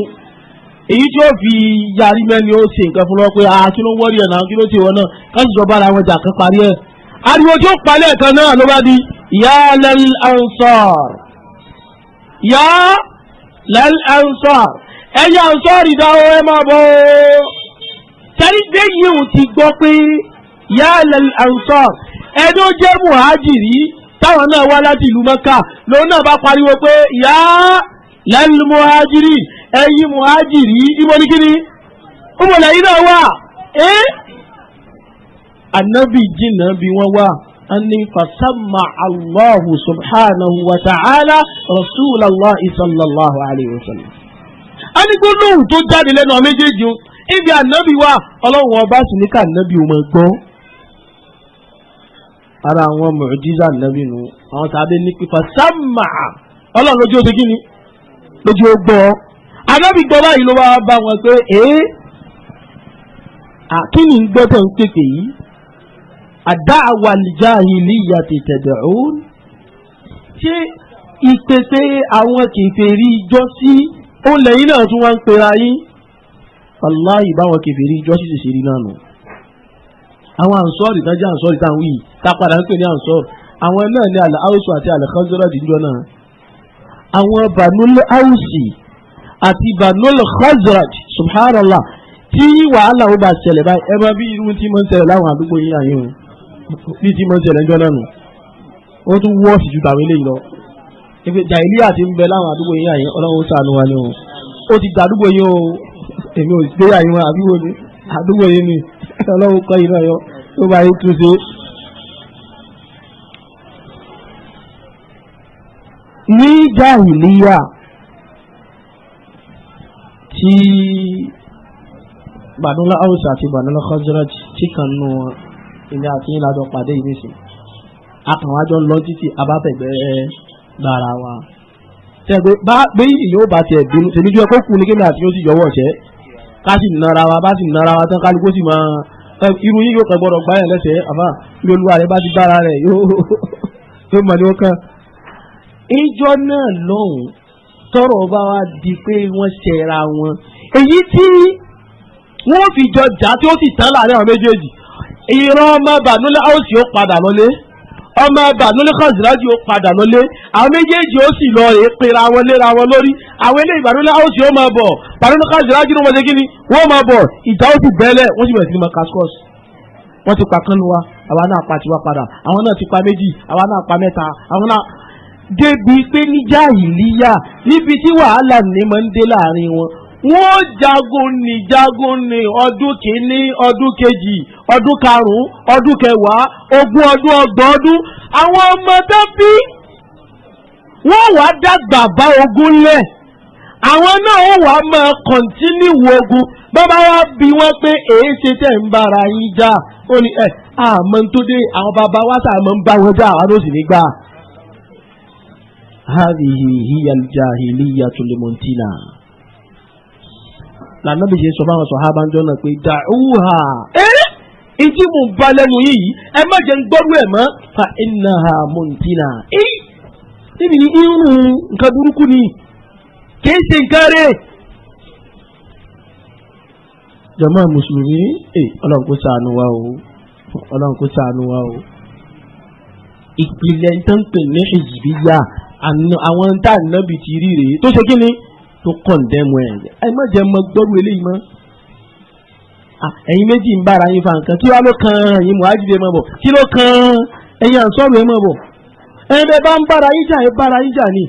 èyí tí ó fi yarí mẹ́ni ó ṣe nǹkan fún lọ́wọ́ pé a ah, kí ló ń wọ́rí ẹ̀ náà kí ló ṣe wọn náà káṣíjọ bára wọn jà kan parí ẹ̀. ariwo tí ó parí ẹ̀kan náà ló bá di ya lal ansar ya lal ansar ẹ̀yin ansar ìdáwọ́ ẹ máa bọ̀ ọ́. tẹ́lí déyìí ò ti gbọ́ pé ya lal ansar ẹni ó jẹ́ muhajiri táwọn náà wá láti ìlú mẹ́kà lòun náà bá pariwo pé ya lal muhajiri ẹ̀yin muhajiri ibo ní kíni ọmọlẹ̀ yìí náà wà ẹ́ anabi jìnnà bí wọ́n wà ani fasamma allahu subhanahu wa ta'ala rasulallah sallallahu alayhi wa sallam. a ní gbólóhùn tó jáde lẹ́nu àwọn méjèèjì ibi ànábì wa ọlọ́run ọba sì ní ká ànábì ò máa gbọ́. ara àwọn mọ̀jísà ànábì nù àwọn tàbí ní pípa sámà ọlọ́run lójú ó kí ni lójú ó gbọ́ anábì gbọ́ báyìí ló wá bá wọn pé ee àkínní ń gbọ́ tó ń pèpè yìí àdá àwàlìjà ìlú ìyá tètèdè òun ṣé ìpèsè àwọn kèfèrí ìjọ sí ó lẹ́yìn náà tún wá ń pera yín aláì báwọn kèfèrí ìjọ sì ṣèṣe rí náà nù àwọn ànsọ́ọ̀rì tájà ànsọ́ọ̀rì táwọn wí tá a padà ń pè ní ànsọ́ọ̀rì àwọn náà ní àlẹ́ haúsù àti àlẹ́ kánzọ́rọ̀ dìjọ́ náà àwọn bànúlẹ̀ haúsì àti banul khazraj subhanallah tí wàhálà ó bá ṣẹlẹ̀ báyìí ẹ máa bí irú tí mo ń ṣẹlẹ̀ láwọn àdúgbò yín àyè o bí tí mo ń ṣẹlẹ̀ ńjọ́ náà nù wọ́n tún wọ́ọ̀sì ju tàwọn eléyìí lọ ife jàìlí àti ń bẹ láwọn àdúgbò yín àyè ọlọ́run ó sànù wa ni o ó ti dàdúgbò yín o èmi ò gbé àyè wọn àbí wo ni àdúgbò yín ni ọlọ́run kọ́ yín náà yọ tó bá yín tún ṣe. ní jàìlíyà tí Banula House àti Banula Khazraj tí kan nù ilé àti ìlàjọ pàdé yìí nìsín àkànwájọ lọ títí abáfẹ̀gbẹ́ gbàrà wa. tẹ̀gbẹ́ bá gbé ìyóò bá tiẹ̀ bínú tèmi jẹ́ kó kú ní kémi àti yóò sì yọwọ́ ṣẹ́ ká sì nara wa bá sì nara wa tán kálukú sì máa irú yìí yóò kàn gbọdọ̀ gbáyàn lẹ́sẹ̀ àmà bí olúwa rẹ̀ bá ti bára rẹ̀ (laughs) yóò mọ̀ ní ó kàn. ìjọ náà lọ́hùn-ún tọrọ bá wa di pé wọ́n ṣẹra wọn èyí tí wọ́n fi jọ jà tí ó sì tán láàrin àwọn méjèèjì ìran ọmọ bànúlẹ̀ áùsì ó padà lọlé ọmọ bànúlẹ̀ kọ̀sìlájì ó padà lọlé àwọn méjèèjì ó sì lọ rèé pera wọn léra wọn lórí àwọn eléyìí bànúlẹ̀ áùsì ó máa bọ̀ bànúlẹ̀ kọ̀sìlájì ló wọ́n ṣe kí ni wọ́n máa bọ̀ ìjà ó sì bẹ́lẹ̀ wọ́n sì bẹ̀rẹ̀ sí ní máa kaskọ́sì wọ́n ti pa kánú wa àwa náà pa tiwa padà àwọn náà ti pa méjì àwa náà pa mẹ́ta àwọn náà débi pé níjà ìlíyà níbi tí wàhálà ní máa ń dé láàrin wọn wọ́n jagun ní jagun ní ọdún kìíní ọdún kejì ọdún karùn-ún ọdún kẹwàá ogún ọdún ọgbọ̀n ọdún àwọn ọmọ tó bí wọ́n wàá dàgbà bá ogun lẹ̀ àwọn náà ó wàá máa kọ̀ntínú ogun bàbá wa bí wọ́n pé èé ṣe tẹ̀ ń bára yín jà ó ní ẹ̀ àmọ́ tó dé àwọn bàbá wa sàmọ́ ń bá wọn jà àwọn ló sì ní gbà hadihi hiya jahiliya tulimontina lànàbì ṣe sọ fáwọn sọ̀hábà ń jọ́nà pé dàúhà ẹ́rẹ́ ìtí mò ń ba lẹ́nu yìí ẹ má jẹ́ ń gbọ́rú ẹ̀ mọ́ fa innaha montina ẹ́ níbi ní irun nǹkan burúkú ni kìí ṣe nǹkan rẹ̀ jàmá mùsùlùmí ẹ ọlọ́run kó ṣàánú wa o ọlọ́run kó ṣàánú wa o ìpìlẹ̀ ń tán pè ní ìjìbíyà àwọn tá ànábì ti rí rèé tó ṣe kí ni tó kọ̀ǹdẹ́mu ẹ̀ ẹ má jẹ́ mọ gbọ́rú eléyìí mọ́ ẹ̀yin méjì ń bára yín fa nǹkan kí wá ló kan ẹ̀yin muhajire mọ̀ bọ̀ kí ló kan ẹ̀yin ànsọ́rù ẹ̀ mọ̀ bọ̀ ẹ̀yin bẹ́ẹ̀ bá ń bára yín jà ẹ̀ bára yín jà ni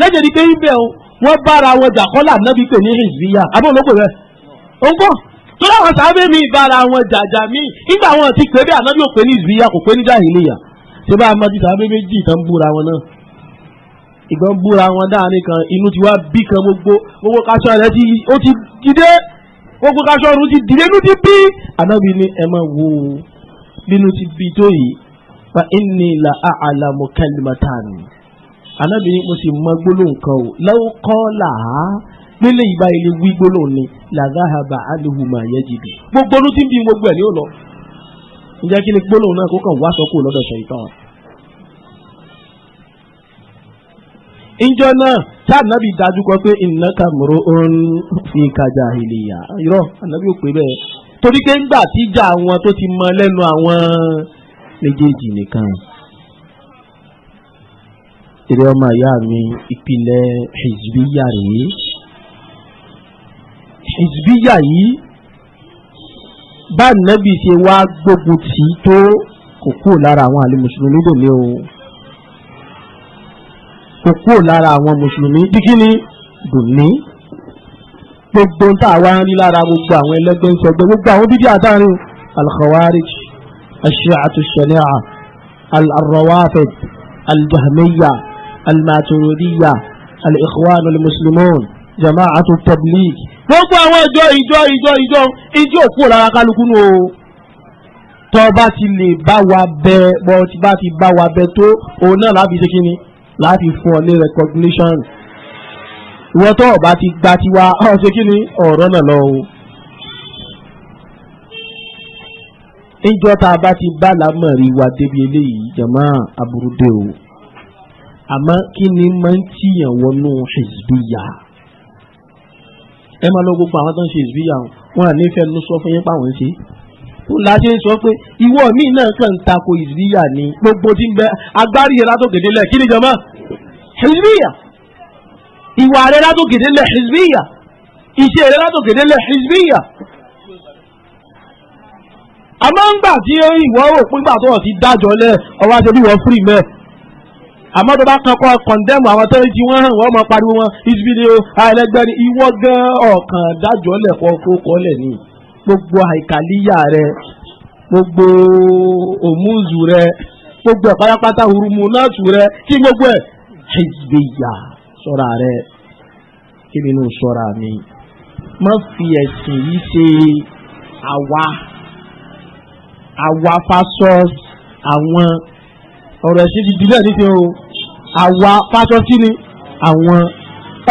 lẹ́jẹ̀ ni pé ibẹ̀ o wọ́n bára wọn jà kọ́lá nábì pè ní ìzíyà abọ́ olóko rẹ̀ ó ń kọ́ tó láwọn sábẹ́ mi bára wọn jàjà mi nígbà wọn ti pè é bí ànábì ò pè ní ìgbọ́n búra wọn dáhàní kan inú ti wá bí kan gbogbo gbogbo kaṣọ rẹ ti ó ti dìde gbogbo kaṣọ rẹ ti dìde inú ti bí anábì ni ẹ máa wò ó bínú ti bí tó yìí fa inni la a'lamu kalimatan anábì ni mo sì mọ gbólóhùn kan o lọ́wọ́ kọ́ là á nílé ìgbà ilé wí gbólóhùn ni la zahaba anhu ma gbogbo ló ti bí gbogbo ẹ̀ ní ò lọ ǹjẹ́ kí ni gbólóhùn náà kó kàn wá sọ́kù lọ́dọ̀ ṣèyítán ìjọ náà tá ànábì dájú kọ pé innaka mru'un fika jahiliya irọ́ ànábì ò pé bẹ́ẹ̀ torí pé ńgbà tíjà àwọn tó ti mọ lẹ́nu àwọn méjèèjì nìkan eré ọmọ ìyá mi ìpìlẹ̀ hizbiya rèé hizbiya yìí bá ànábì ṣe wá gbógun tì í tó kò kúrò lára àwọn àlè mùsùlùmí lódò ní o kò kúrò lára àwọn mùsùlùmí bí kí ni dùnní gbogbo tá a wá ń rí lára gbogbo àwọn ẹlẹgbẹ́ ń sọgbẹ́ gbogbo àwọn bíbí àdáàrin alkhawarij ashi'atu shani'a alrawafid aljahmiya almaturidiyya alikhwan almuslimun jama'atu tabligh gbogbo àwọn ìjọ ìjọ ìjọ ìjọ ìjọ kúrò lára kálukú nù o tọ́ bá ti lè bá wa bẹ bọ́ ti bá ti bá wa bẹ tó òun náà láfi ṣe ni láti fún ọ ní recognition ìwọ tó ọba ti gba tiwa (laughs) ọ̀sẹ̀ kí ni ọ̀rọ̀ náà lọ o. níjọ́ tá a bá ti bá lámọ̀rí wa débi eléyìí jàmá aburú dé o àmọ́ kí ni máa ń tìyàn wọnú hizbiya ẹ máa lọ gbogbo àwọn tó ń ṣe hizbiya wọn à nífẹ̀ẹ́ ló sọ fún yín pàwọn ṣe la ṣe ń sọ pé ìwọ mi náà kàn ń tako ìzìyà ni gbogbo tí ń bẹ agbárí yẹn látòkèdè lẹ̀ kí ni jọmọ́ hizbiya ìwà rẹ látòkèdè lẹ̀ hizbiya iṣẹ́ rẹ látòkèdè lẹ̀ hizbiya àmọ́ ńgbà tí ìwọ rò pé ńgbà tó wọ́n ti dájọ́ lẹ̀ ọwọ́ àti ìwọ fúri mẹ́ àmọ́ tó bá kankan kọ̀ndẹ́mù àwọn tó ń ti wọ́n hàn wọ́n mọ pariwo wọn ìsibí ni ó àìlẹ́gbẹ́ni ìwọ gan ọ̀kan dájọ́ lẹ̀ kọ́ kó kọ́ lẹ̀ nìyí gbogbo àìkàlíyà rẹ gbogbo òmùzù rẹ gbogbo ẹ̀pátápátá hurumu náàtù rẹ kí gbogbo ẹ̀ hizbiya sọ́ra rẹ kí nínú sọ́ra mi má fi ẹ̀sìn yìí ṣe àwa àwa fásọ́s àwọn ọ̀rọ̀ ẹ̀sìn ti di bẹ́ẹ̀ ní fi o àwa fásọ́s kí ni àwọn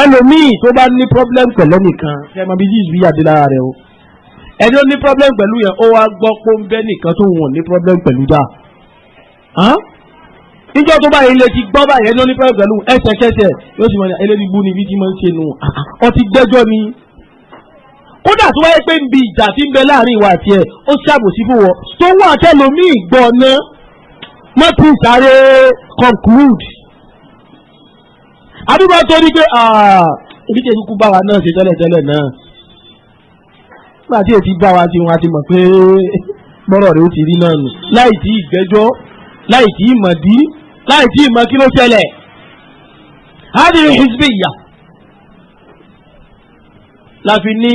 ẹlòmíì tó bá ní pọ́blẹ́mù pẹ̀lẹ́ nìkan ẹ̀ mọ̀ bí yìí bí yàdé lára rẹ o ẹni ó ní problem pẹ̀lú yẹn ó wá gbọ́ pé ó ń bẹ́ nìkan tó wọ̀n ní problem pẹ̀lú dá níjọ́ tó báyìí lè ti gbọ́ báyìí ẹni ó ní problem pẹ̀lú ẹsẹ̀kẹsẹ̀ yóò sì mọ̀ ní eléyìí bú ni ibi tí mo ń ṣe nù ọtí gbẹ́jọ́ ni kódà tó wáyé pé ń bi ìjà tí ń bẹ láàrin ìwà àti ẹ ó ṣàbòsí fún wọn tó wà tẹlómìn gbọ́ ná má ti sáré conclude àdúgbò tó ní pé ibi tí èkúkú bá wa náà ṣe tẹ́lẹ̀tẹ́lẹ̀ náà nígbà tí èsì bá wa ti wọn a ti mọ̀ pé bọ́rọ̀ rẹ̀ ó ti rí náà nù láì tí ìgbẹ́jọ́ láì tí ìmọ̀dí láì tí ìmọ̀ kí ló ṣẹlẹ̀ hádìrí hizbiyya láfi ní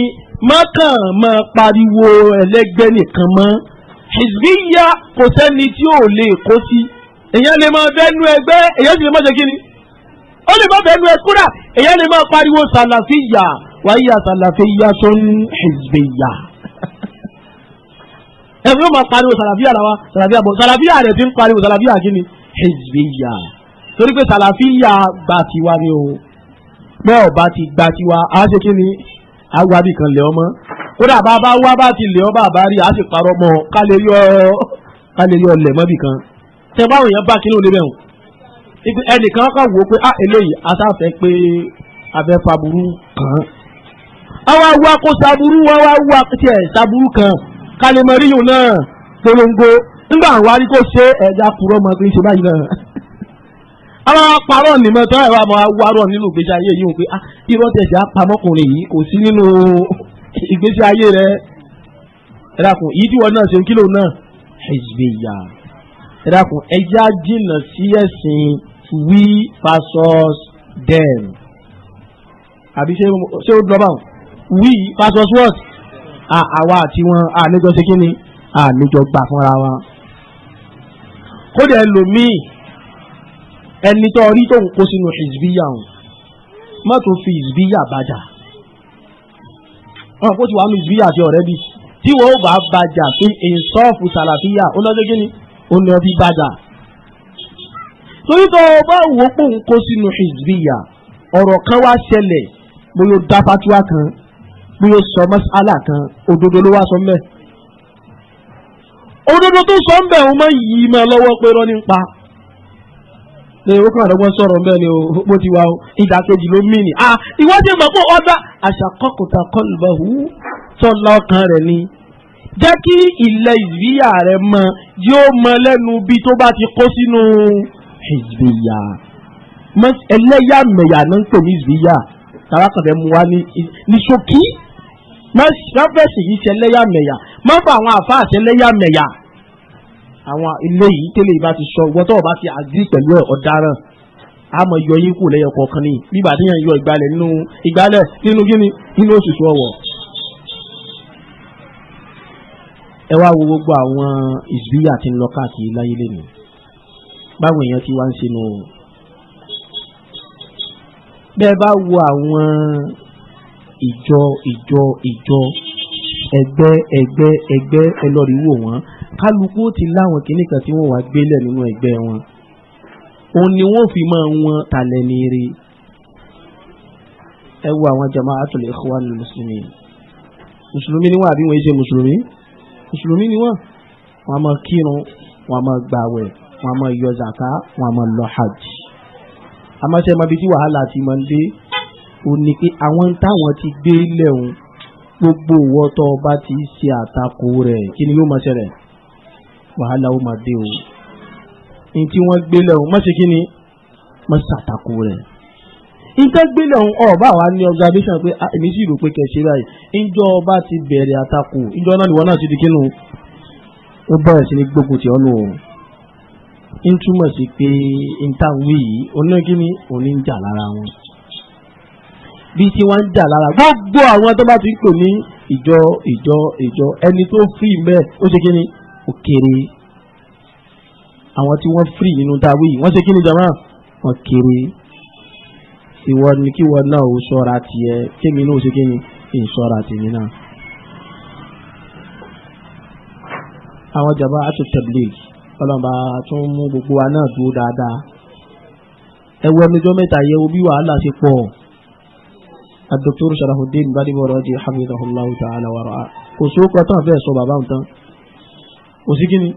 mọ́kàn máa pariwo ẹlẹ́gbẹ́ nìkan mọ́ hizbiyya kò sẹ́ni tí ò lè kó sí èyàn lè máa bẹ́nu ẹgbẹ́ èyàn sì lè máa ṣe kí ni ó lè máa bẹ́nu ẹ kúrà èyàn lè máa pariwo sàlàfíyà wáyé àsàlàfíyà tó ń hizbiyya. (laughs) ẹ̀fọ́ máa pariwo sàlàfíà làwa sàlàfíà bọ̀ sàlàfíà rẹ̀ ti ń pariwo sàlàfíà kí ni hizbiyya. torí pé sàlàfíà gba tiwa ni o bẹ́ẹ̀ ọba ti gba tiwa á ṣe kí ni àwa bì kan lẹ̀ ọmọ kódà bàbá wa bá ti lẹ̀ ọ́ bàbá rí a sì parọ́ mọ́ ká lè yọ ká lè yọ lẹ̀ mọ́bì kan tẹ báwọn èèyàn bá kí ló lè bẹ̀rù ẹnìkan kàn wò ó pé ah eléyìí asáfẹ́ pé abẹ́fàbùrú kàn án àwọn awo akó saburú wọn wá wú akitiẹ saburú kan kalimariyu náà polongo nígbà àwọn arí kò ṣe ẹja kúrọ ọmọ kì í ṣe báyìí náà àwọn apàrọ̀ nìmọ̀ tó ẹ̀rọ àwọn awárọ̀ nínú ìgbésí ayé yìí wọn pé ah, irọ́ tẹ̀sí apamọ́kùnrin yìí kò sí nínú ìgbésí ayé rẹ ẹ yìí tí wọn náà ṣe kílò náà hizbiya ẹ dákun ẹja jìnnà sí ẹ̀sìn we versus them àbí ṣé ó dọ́bà wọn we versus what àwa àti wọn àlejò ṣe kíni àlejò gbà fúnra wa. kódà ẹlòmíì ẹni tó rí tó ń kó sínú ìsbíyà ọ̀hún má tún fi ìsbíyà bàjà wọn kó ti wàá nu ìsbíyà àti ọ̀rẹ́ bíi tí wọn ò bá bàjà pé ìsọ́ọ̀fù sàlàfíà ó lọ́jọ́ kíni ó ní ọbí bàjà torí tó o pò ń kó sínú ìsbíyà ọ̀rọ̀ kan wá ṣẹlẹ̀ bóyá ó kan pé ó sọ mọ́sálà kan òdodo ló wá sọ mbẹ́ òdodo tó sọ mbẹ́ òun máa yí mọ́ lọ́wọ́ pé rọ́ nípa ní o kàn lọ́gbọ́n sọ̀rọ̀ mbẹ́ ni o bó ti wá o ìdàkejì ló mí ni ah ìwádìí mọ̀ pé ọ̀dà àṣàkọ́kùtà kọlùbọ̀hù tọ́lá ọkàn rẹ̀ ni jẹ́ kí ilẹ̀ ìzbíyà rẹ̀ mọ yóò mọ lẹ́nu bí tó bá ti kó sínú ìzbíyà ẹlẹ́yàmẹ̀yà náà ń pè ní ìzbíyà tàbá mu wá ní ṣókí má fẹ̀sì yìí ṣe lẹ́yàmẹ̀yà má fà àwọn àfáà ṣe lẹ́yàmẹ̀yà àwọn ilé yìí tẹ́lẹ̀ ìbá ti sọ ìwọ́n tọ́wọ́ bá ti àgírí pẹ̀lú ẹ̀ ọ̀daràn àmọ́ yọ yín kù lẹ́yọ kọ̀ọ̀kan ni bíbá tí yàn yọ ìgbálẹ̀ nínú ìgbálẹ̀ nínú gíní nínú òṣìṣú ọ̀wọ̀. ẹ wá wo gbogbo àwọn ìsbíyà tí ń lọ káàkiri láyé lẹ́nu báwọn èèyàn ti wá ń sinú bẹ́ẹ̀ bá wo àwọn ìjọ ìjọ ìjọ ẹgbẹ́ ẹgbẹ́ ẹgbẹ́ ẹlọ́rí wò wọ́n kálukú ti láwọn kìnnì kan tí wọ́n wá gbélẹ̀ nínú ẹgbẹ́ wọn òun ni wọ́n fi máa wọn tàlẹ̀ ní rí ẹ wo àwọn jama'atul ikhwanul muslimin mùsùlùmí ni wọ́n àbí wọ́n ṣe mùsùlùmí mùsùlùmí ni wọ́n wọ́n máa kírun wọ́n máa gbàwẹ̀ wọ́n máa yọ zaka wọ́n máa lọ hajj àmọ́ sẹ́ẹ̀ máa bí tí wàhálà ti máa ń dé ó ní pé àwọn táwọn ti gbé lẹ́hùn gbogbo ìwọ tó o bá ti ṣe àtakò rẹ̀ kí ni yóò máa ṣẹlẹ̀ wàhálà ó máa dé o ní tí wọ́n gbé lẹ́hùn má ṣe kí ni má ṣàtakò rẹ̀ nǹkan gbélé ọ̀hún ọba wa ní observation pé ah, èmi sì rò pé kẹ̀sí báyìí njọ́ ọba ti bẹ̀rẹ̀ àtakò njọ́ náà nìwọ náà ti di kínú ó bẹ̀rẹ̀ sí ní gbógun tí ọ nù o ń túmọ̀ sí pé ntàwé yìí oníkíní oníjà lára wọn bí tí wọ́n ń jà lára gbogbo àwọn tó bá ti ń pè ní ìjọ ìjọ ìjọ ẹni tó free mẹ́ẹ̀ ó ṣe kí ni ó kéré àwọn tí wọ́n free nínú dáwé yìí wọ́n ṣe kí ni jama wọ́n kéré ìwọ ni kí wọ́n náà ó ṣọ́ra tiẹ̀ kémi náà ó ṣe kí ni kí n ṣọ́ra tèmi náà. àwọn jàmbá àti tabligh ọlọ́mọba tún mú gbogbo wa náà dúró dáadáa ẹ wọ ẹnujọ́ mẹ́ta yẹ wo bí wàhálà ṣe pọ̀ ọ́. الدكتور شرف الدين بني مراجي حفظه الله تعالى ورعاه وسوق تنفي صوبا بانتا وسيكني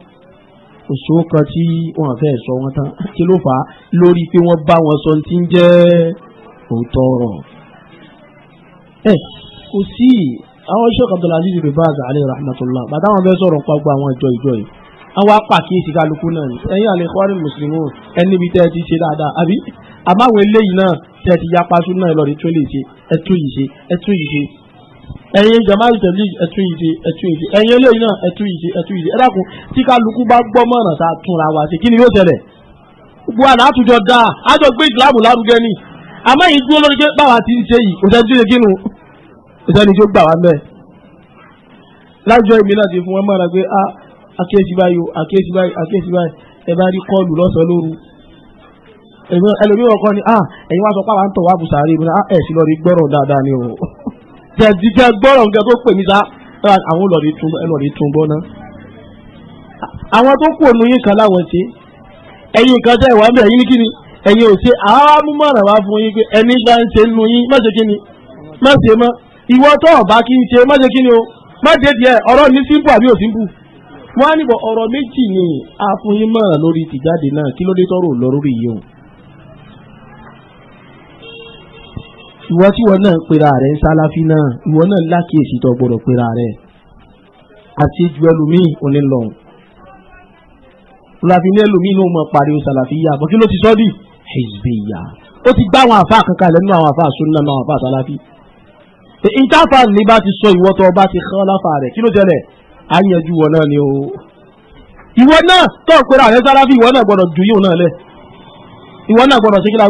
وسوق تي وانفي صوبا كيلوفا لوري في وبا وصل تنجي وطورو ẹ kò sí àwọn Sheikh Abdulaziz bin Baz alayhi rahmatullah bàtà wọn fẹẹ sọ̀rọ̀ nípa gbogbo àwọn ìjọ ìjọ yìí àwọn apàkíyèsí kálukú náà ẹ̀yin àlè kọrin mùsùlùmí ẹni bíi tẹ ẹ ti ṣe dáadáa àbí àmọ́ àwọn eléyìí náà tí ẹ ti yapa sún náà lọ́ọ̀rì tún lè ṣe ẹ tún yìí ṣe ẹ tún yìí ṣe ẹ̀yin jamaayi tẹ̀lé ẹ tún yìí ṣe ẹ tún yìí ṣe ẹ̀yin eléyìí náà ẹ tún yìí ṣe ẹ tún yìí ṣe ẹ dákun tí kálukú bá gbọ́ mọ̀ràn tá a túnra wa ṣe kí ni yóò ṣẹlẹ̀ gbogbo àná àtújọ da àjọ gbé ìsìlámù lárugẹ ni àmọ́ yìí dúró lórí pé báwa ti ṣe yìí kò ṣe kínú ẹlòmíì ọkọ ni ah ẹ̀yin wá sọ pé àwọn àǹtọ̀ wà bùsàárì mi náà ah, ẹ̀ sì lọ rí gbọ́rọ̀ dáadáa ni o (laughs) jẹjẹ gbọ́rọ̀ nǹkan tó pè mí sá àwọn ọlọ́ọ̀dì tún ẹlọ́ọ̀dì tún gbọ́ ná. àwọn tó kú ònú yín kan láwọn ṣe ẹ̀yin nǹkan tẹ́ ìwà mẹ́rin ní kíni ẹ̀yin ò ṣe àámúmọ̀ràn wá fún yín pé ẹni bá ń ṣe nù yín má ṣe kíni má ṣe mọ́ ìwọ tó ọ̀bá kí ń ṣe má ṣe kíni o má dé díẹ̀ ọ̀rọ̀ ní simple àbí ò simple wọ́n á níbọ̀ ọ̀rọ̀ méjì ni a fún yín mọ̀ràn lórí tìjáde náà kí ló dé tọ́rọ̀ lọ lórí yìí o ìwọ tí wọn náà ń pera rẹ ń sáláfí náà ìwọ náà lákìyèsí tó gbọ́dọ̀ pera rẹ àṣejù ẹlòmíì onílọrun láfin ẹlòmíì ló mọ pariwo sàlàfíyà àbọ̀ kí ló ti sọ́ dì hizbiya ó ti gbá àwọn àfa kankan lẹ́nu àwọn àfa sunna náà àwọn àfa sàlàfí ìtàfà ní bá ti sọ ìwọ tó bá ti khalafa rẹ kí ló tẹlẹ á yanjú wọn náà ni o ìwọ náà tó pera rẹ sàlàfí ìwọ náà gbọ́dọ̀ ju yóò náà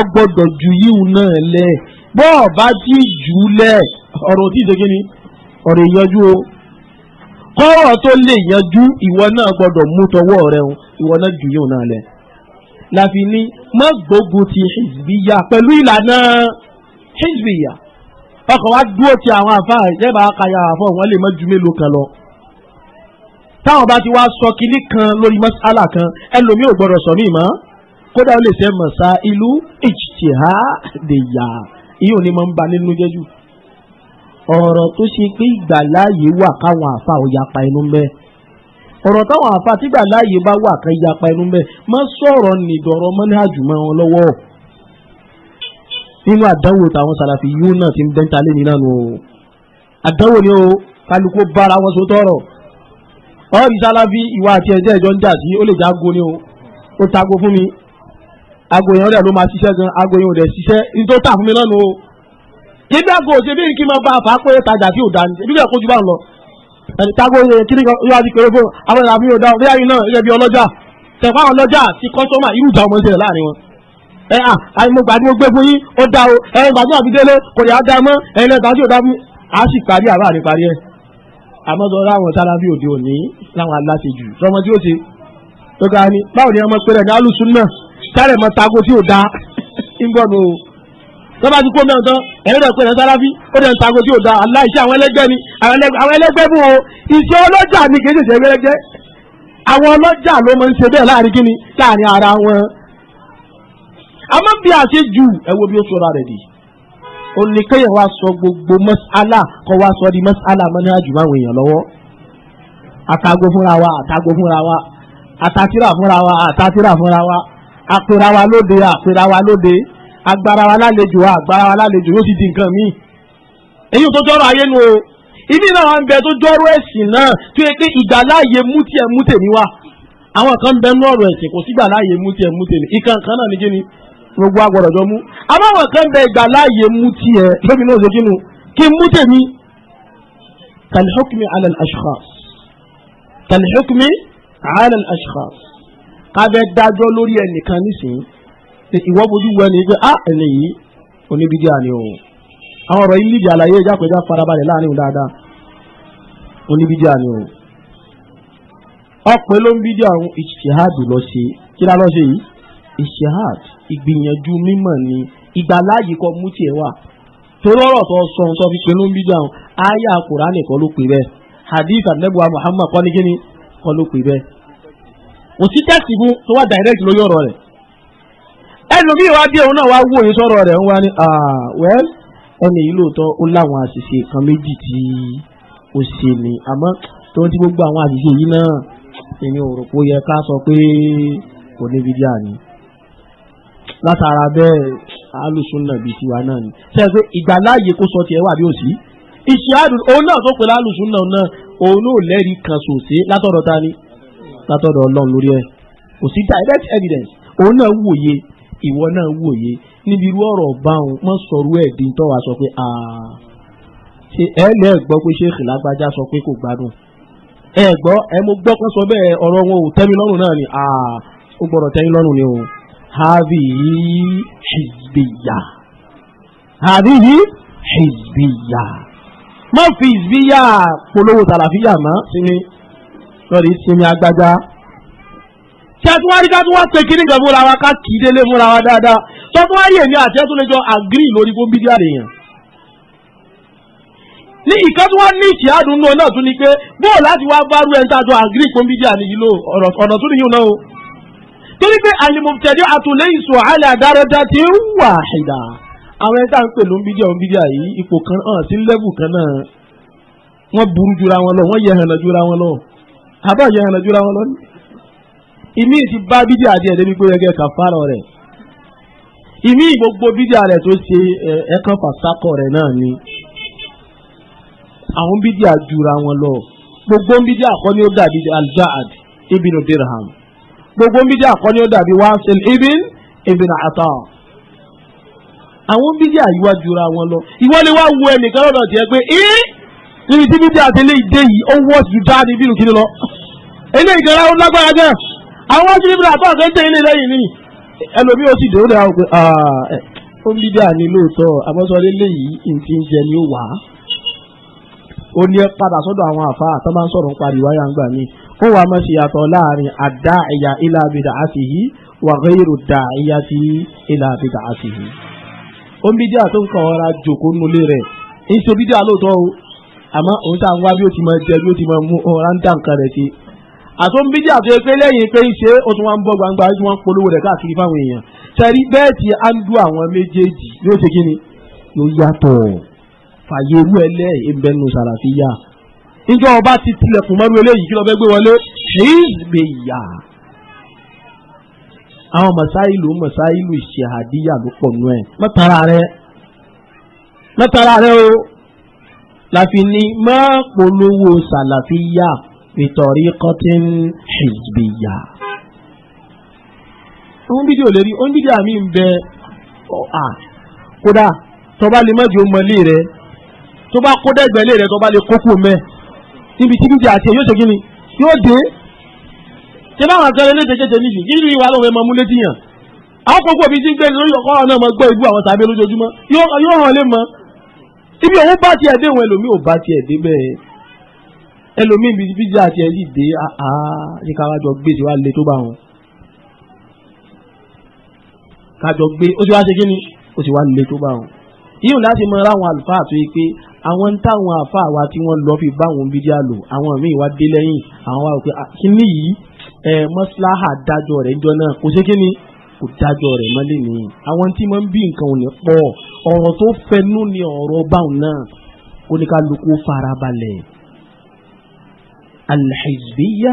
ọgbọ́dọ̀ ju yíhun náà lẹ̀ bọ́ ọ bá ti jù ú lẹ̀ ọ̀rọ̀ tí ìṣe kíni ọ̀rọ̀ ìyanjú o kọ́rọ̀ tó lè yanjú ìwọ náà gbọ́dọ̀ mú tọwọ́ rẹ o ìwọ náà ju yíhun náà lẹ̀ láfi ní má gbógun ti hizbiya pẹ̀lú ìlànà hizbiya ọkọ̀ wa dúró ti àwọn àfáà ìjẹ́bàá kaya àfọ̀ wọn lè má ju mélòó kan lọ táwọn bá ti wá sọ kinní kan lórí mọ́sálà kan ẹlòmíì ò gbọ́dọ̀ sọ mí mọ́ kódà ó lè ṣe mọ̀sá ìlú ijtihadiya ìyóò ní máa ń ba nínú jẹ́jú ọ̀rọ̀ tó ṣe pé ìgbàláàyè wà káwọn àfa ò yapa ẹnu mbẹ́ ọ̀rọ̀ táwọn àfa tí ìgbàláàyè bá wà kan yapa ẹnu mbẹ́ má sọ̀rọ̀ nìdọ̀rọ̀ mọ́nájú mọ́ wọn lọ́wọ́ nínú àdánwò táwọn sàlàfì yóò náà ti ń bẹ́ńtà lé nínú àdánwò ni ó kálukú bára wọn so tọrọ ọ̀rọ̀ ìsàlàfì ìwà àti ẹ̀jẹ̀ ìjọ ń jà sí ó lè jágo aago yẹn ó dẹ̀ ló máa ṣiṣẹ́ gan aago yẹn ò dẹ̀ ṣiṣẹ́ ní tó tà fún mi lọ́nu o ṣébí aago ṣe bí kí n máa bá àfà pé tajà tí ò da ni ṣébí kò ju bá ń lọ tago yẹn kí ni yóò adi kéré fún àwọn ìlànà mi ò da bí ayé náà yẹ bí ọlọ́jà tẹ̀kọ́ àwọn ọlọ́jà ti kọ́sọ́mà irú ìjà ọmọ ìṣẹ̀lẹ̀ láàrin wọn ẹ à àyè mo gbàdúrà mo gbé fún yín ó da o ẹ gbàdúrà fi délé kò yà á da mọ́ ẹ lẹ́ta tí ò da mú a sì parí àbá àrí parí ẹ àmọ́ sọ láwọn sálábí òde òní láwọn aláṣejù sọmọ tí ó ṣe tó ga ni báwo ni ọmọ pẹrẹ ní alùsùn náà sáré mọ tago tí ò da ń bọ̀ nù o tọ́ba ti kó mẹ́rin tán ẹ̀rọ pé ẹ̀rọ sálábí ó dẹ̀ ń tago tí ò da aláìsí àwọn ẹlẹ́gbẹ́ ni àwọn ẹlẹ́gbẹ́ bù o iṣẹ́ ọlọ́jà ni kì í ṣe ẹgbẹ́lẹ́gbẹ́ àwọn ọlọ́jà ló máa ń ṣe bẹ́ẹ̀ láàrin kíni láàrin ara wọn. àmọ́ bí a ṣe jù ẹ wo bí ó sọra rẹ̀ dì ó ní kéèyàn wá sọ gbogbo mọ́sálà kọ́ wá sọ di mọ́sálà mọ́ ní àjùmáwò fúnra wa àtago fúnra wa àtatira fúnra wa àpèrà wa lóde àpèrà wa lóde agbára wa lálejò agbára wa lálejò yóò ti di nǹkan míì èyí tó jọrọ ayé nu o ibi náà wà ń bẹ tó jọrọ ẹ̀sìn náà tó yẹ pé ìgbàláàyè mú tiẹ̀ mú tèmi wá àwọn kan bẹ nú ọ̀rọ̀ ẹ̀sìn kò sí ìgbàláàyè mú tiẹ̀ mú tèmi ìkan kan náà ní kí ni gbogbo agbọ̀dọ̀ jọ mú àmọ́ àwọn kan bẹ ìgbàláàyè mú tiẹ̀ lómi náà ṣe kí nu kí mú tèmi kàlíhókùmí alẹ́ àṣùkà kàlíhókùmí alẹ́ àṣùkà ká fẹ́ dájọ́ lórí ẹnìkan nísìnyí ìwọ́ bojú wọ ẹni pé ah ẹni yìí oníbídíà ni o àwọn ọ̀rọ̀ yìí níbi àlàyé ìjápẹ̀já farabalẹ̀ láàrin òun dáadáa oníbídíà ni o ọ̀pẹ ló ń bídíà òun ìṣèhádù lọ ṣe kí lálọ́ ṣe yìí ìṣèhád ìgbìyànjú mímọ̀ ni ìgbàláyè kọ mú tiẹ̀ wà torí ọ̀rọ̀ tó sọ sọ fi pinnu ń bídíà òun ayé àkùrá nìkan ló pè bẹ́ẹ̀ hadith anabuwa muhammad kọ́ni kíni kọ́ ló pè bẹ́ẹ̀ kò sí tẹ́sì fún tó wà direct lórí ọ̀rọ̀ rẹ̀ ẹlòmíì wá bí òun náà wá wò yín sọ̀rọ̀ rẹ̀ ń wá ní well ẹni yìí lóòótọ́ ó láwọn àṣìṣe kan méjì tí ó ṣe ni àmọ́ tó ń ti gbogbo àwọn àṣìṣe yìí náà èmi ò rò pé ó yẹ ká sọ pé kò níbi díà ni látara bẹ́ẹ̀ alùsùn náà bíi tiwa náà ni ṣe é pé ìgbàláàyè kó sọ tiẹ̀ wà bí ó sí ìṣe àdùn òun náà tó pè lálùsùn náà náà òun náà lẹ́rìí kan ṣòṣe látọ̀dọ̀ ta ni látọ̀dọ̀ ọlọ́run lórí ẹ̀ kò sí direct evidence òun náà wòye ìwọ náà wòye níbi irú ọ̀rọ̀ báwọn mọ̀ sọ̀rọ̀ ẹ̀ di tọ́wọ́ sọ pé ṣe ẹ lẹ́ gbọ́ pé ṣé ìlàgbájá sọ pé kò gbádùn ẹ gbọ́ ẹ mo gbọ́ pé sọ bẹ́ẹ̀ ọ̀rọ̀ wọn ò tẹ́mi lọ́rùn náà ni ó gbọ́dọ̀ tẹ́mi lọ́rùn ni o hàbíyí hizbiya hàbíyí hizbiya má fi hizbiya polówó tàlàfíà mọ́ sí ni lọ́ọ̀rì sinmi agbájá. tí a tún wá rí ká tún wá ṣe kíní kan fúnra wa ká kì í délé fúnra wa dáadáa tó tún wá rí èmi àti ẹ tún lè jọ àgírí lórí fún bídíà lèèyàn. ní ìkan tí wọ́n ní ìṣíádùn náà náà tún ni pé bóò láti wá bá rú ẹni tá a jọ àgírí fún bídíà nìyí ló ọ̀nà tún nìyí náà o. torí pé àlìmọ̀tẹ́dẹ́ àtúnlẹ́yìn sọ àlẹ́ àdáradá ti ń wàhídà àwọn ẹni tá à ń pè ló bídíà ń bídíà yìí ipò kan hàn sí lẹ́bù kan náà wọ́n burú jura wọn lọ wọ́n yẹ hànà jura wọn lọ àbá yẹn hàn jura wọn lọ́nà ìmí ti bá bídí àdé ẹ̀ débi gbóyè kẹ́kà fárọ̀ rẹ̀ ìmí gbogbo bídí àrẹ̀ tó ṣe ẹ̀ẹ́kan fàṣàkọ̀ rẹ̀ náà ni àwọn bídí àjura wọn lọ gbogbo bídí àkọ́ni ó dàbí aljaad ibn dirham gbogbo bídí àkọ́ni ó dàbí wasil ibn ibn ata àwọn bídí àyíwá jura wọn lọ ìwọ́n lè wá wo ẹnìkan lọ́dọ̀ tiẹ̀ pé ẹ́ níbi tí bíbí àti ilé ìdé yìí ó wọ́ ju dáadé bínú kí ni lọ. ilé ìgbéra ó lágbára gan àwọn wájú níbi àtọ́ àgbẹ̀ ń tẹ̀ ilé lẹ́yìn ní ẹlòmíì ó sì dé ó lè àwọn pé ó ń bíbí àní lóòótọ́ àmọ́sọ̀rọ̀ ilé yìí ntí ń jẹ ni ó wà á. ó ní ẹ padà sọ́dọ̀ àwọn àfa àtọ́ máa ń sọ̀rọ̀ ń pariwo ayé àgbà mi ó wàá mọ̀ sí yàtọ̀ láàrin àdá ẹ̀yà ilà àbìdà àtìyí wà gẹ́rù dà ẹ̀yà ti ilà àbìdà àtìyí. ó ń bíbí àtọ́ nǹkan ọ̀rá jòkó nulẹ̀ rẹ̀ ń ṣe bíbí àlóòótọ́ o àmọ́ òun tá à ń wá bí ó ti máa jẹ bí ó ti máa mú ọ̀rá ń dá nǹkan rẹ̀ sí. àtúnbíjì àti pé lẹ́yìn pé ń ṣe ó tún wá ń bọ́ gbangba ó tún wá ń polówó rẹ̀ káàkiri fáwọn èèyàn sẹ́rí bẹ́ẹ̀ tí á ń dú àwọn méjèèjì yóò ṣe kíni yóò yàtọ̀ fàyè irú ẹ lẹ́ ìbẹ́nu sàràfíyà níjọ́ ọba ti tilẹ̀kùn mọ́rú eléyìí kí ló fẹ́ gbé wọlé ṣèyíṣbẹ̀yà láfi ní má polówó sàlàfíà ìtọ̀rí kọ́tín hizbiya. òun bídíò lè rí òun bídíò àmì ń bẹ ọ̀hà kódà tọba lè má jẹ́ ọmọlé rẹ tó bá kó dẹ́gbẹ̀lé rẹ tọba lè kókó mẹ́ níbi tí bídíò àti ẹ̀ yóò ṣe kí ni yóò dé ṣé báwọn akẹ́rẹ́ lè tẹ́tẹ́ níbi kí ni ìwà lọ́wọ́ máa mú létí yàn àwọn kókó bíi ti ń gbé lórí ọkọ̀ náà máa gbọ́ ìbú àwọn tàbí lójoojúmọ́ yóò hàn lé mọ́ ibi òun bá tiẹ̀ dé òun ẹlòmíì ò bá tiẹ̀ dé bẹ́ẹ̀ ẹlòmíì bíi bíi àti ẹ̀ yìí dé àá ah, ní ah, ká wájọ gbé tí wàá le tó bá wọn. kájọ gbé ó ti wá ṣe kíni ó ti wá le tó bá wọn. yíyùn láti mọ ara àwọn àlùfáà tó yẹ pé àwọn ń táwọn àfáà wa tí wọ́n lọ fi bá àwọn bíi àlò àwọn míì wá dé lẹ́yìn àwọn wa rò pé ah, kíní yìí ẹ mọ́síláhà dájọ́ rẹ̀ jọ náà kò ṣe kíni kò dájọ́ rẹ̀ mọ́lẹ̀ nìyí àwọn tí wọ́n ń bí nǹkan ò ọ̀rọ̀ tó fẹnu ni ọ̀rọ̀ báwọn náà oníkálukú farabalẹ̀ alhizbiya